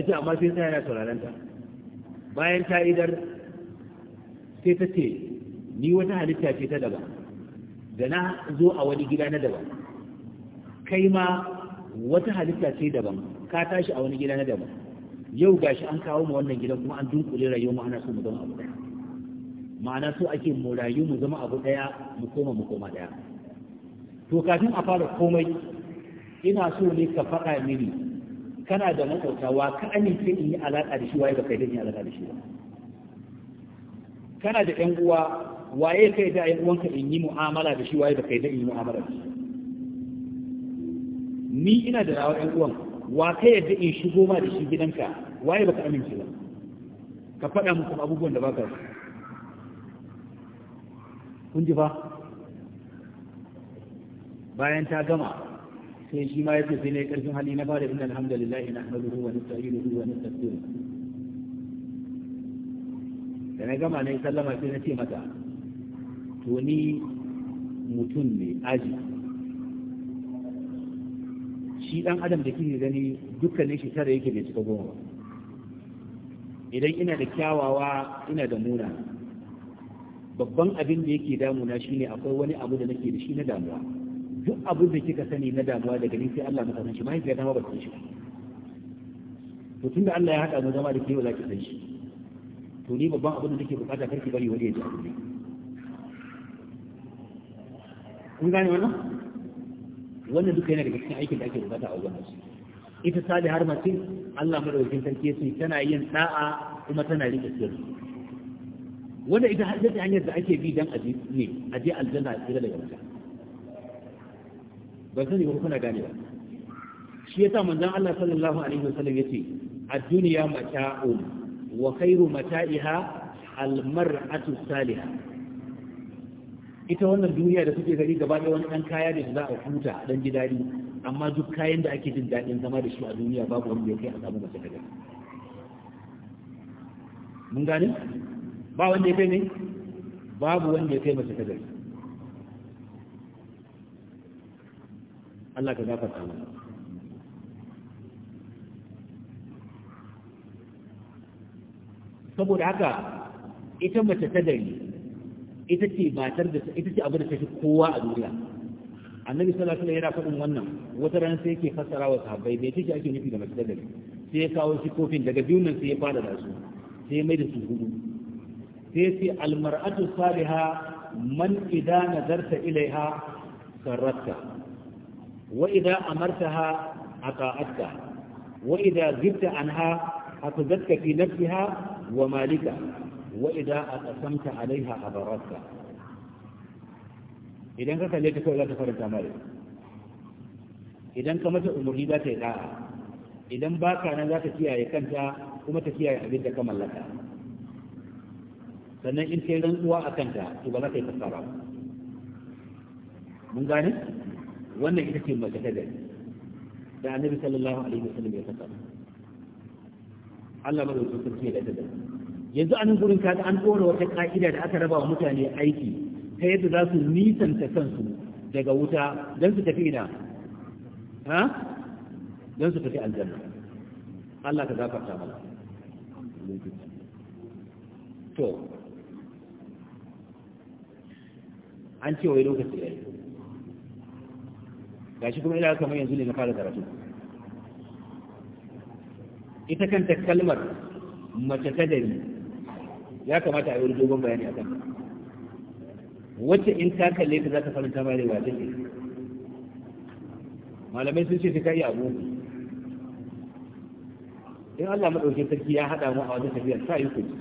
A: ce amma sai tsaya yana sauraranta bayan ta idar sai ta ce ni wata halitta ce ta daban da na zo a wani gida na daban kai ma wata halitta ce daban ka tashi a wani gida na daban yau gashi an kawo mu wannan gidan kuma an dunkule rayuwar mu ana so mu zama abu daya ma'ana so ake mu rayu mu zama abu daya mu koma mu koma daya to kafin a fara komai ina so ne ka faɗa mini kana da wa ka amince in yi alaƙa da shi waye ba kai da in yi alaƙa da shi ba kana da ƴan uwa waye kai da ai uwanka in yi mu'amala da shi waye ba kai da in yi mu'amala da ni ina da rawar ɗan uwan wa kai yadda in shigo ma da shi gidanka waye baka amince ba ka faɗa muku abubuwan da baka kun ji fa bayan ta gama sai shi ma yake sai ne karfin hali na bada inna alhamdulillah na ahmaduhu wa nasta'inuhu wa nastaghfiruh da na gama ne sallama sai na ce mata to ni mutum ne aji shi dan adam da kike gani dukkanin shi tare yake bai cika goma idan ina da kyawawa ina da muna babban abin da yake damuna shine akwai wani abu da nake da shi na damuwa duk abu da kika sani na damuwa daga ni sai Allah maka san shi mahaifiyar ta ba shi to tunda Allah ya hada mu zama da ke ba za ki san shi to ni babban abin da nake bukata karki bari wani ya ji abin kun gane wannan wannan duka yana daga cikin aikin da ake bukata a wajen nasu ita sali har mace Allah madaukakin sarki sai tana yin da'a kuma tana rike sirri wanda ita hadda hanyar da ake bi dan aji ne aje aljanna tsira daga wuta ba sani ba kuna gane ba shi yasa manzon Allah sallallahu alaihi wasallam yace ad-dunya mata'un wa khairu mata'iha al-mar'atu salihah ita wannan duniya da suke gari gaba ɗaya wani ɗan kaya ne da za a huta a ɗan ji daɗi amma duk kayan da ake jin daɗin zama da shi a duniya babu wanda ya kai a samu mace daga mun gane ba wanda ya kai ne babu wanda ya kai mace ta Allah ka gafarta mana saboda haka ita mace ta dari. ita ce batar da ita ce abu da tafi kowa a duniya annabi sallallahu alaihi wasallam yana faɗin wannan wata ran sai yake fassara wa sahabbai bai take ake nufi da mace da sai ya kawo shi kofin daga biyun sai ya fada da su sai ya mai da su hudu sai sai almar'atu saliha man idza nazarta ilaiha sarratka wa idza amartaha ata'atka wa idza zibta anha hafazatka fi nafsiha wa malika وإذا أقسمت عليها أبرتك إذا كنت ليت كوي لا تفرد مالك إذا كما تأمرني ذات إذا باك أنا ذات كياية كما تكياية أبدا كما لك sannan in kai rantsuwa a kanta to ba za ta yi kasara mun gane wannan ita ce mace ta gari da annabi sallallahu alaihi wasallam ya Allah da ta gari yanzu a nan gurin kaga an dora wata ƙa'ida da aka raba wa mutane aiki ta yadda za su nisanta kansu daga wuta don su tafi ina ha don su tafi aljanna Allah ka gafarta mana to an ce wai lokaci yayi gashi kuma ina kamar yanzu ne na fara karatu ita kanta kalmar mace ta dari ya kamata a yi dogon bayani a kanta wacce in ka kalle ta za ka faranta mai rewa take malamai sun ce sai ka yi abu in Allah madaukin sarki ya haɗa mu a wajen tafiya sa yi kuɗi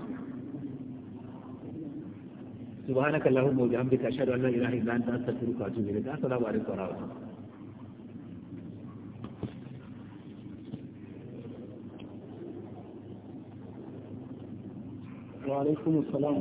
A: subhanakallahumma wa bihamdika ashhadu an la ilaha illa anta astaghfiruka wa atubu ilayk assalamu alaikum wa rahmatullahi wa
D: musala.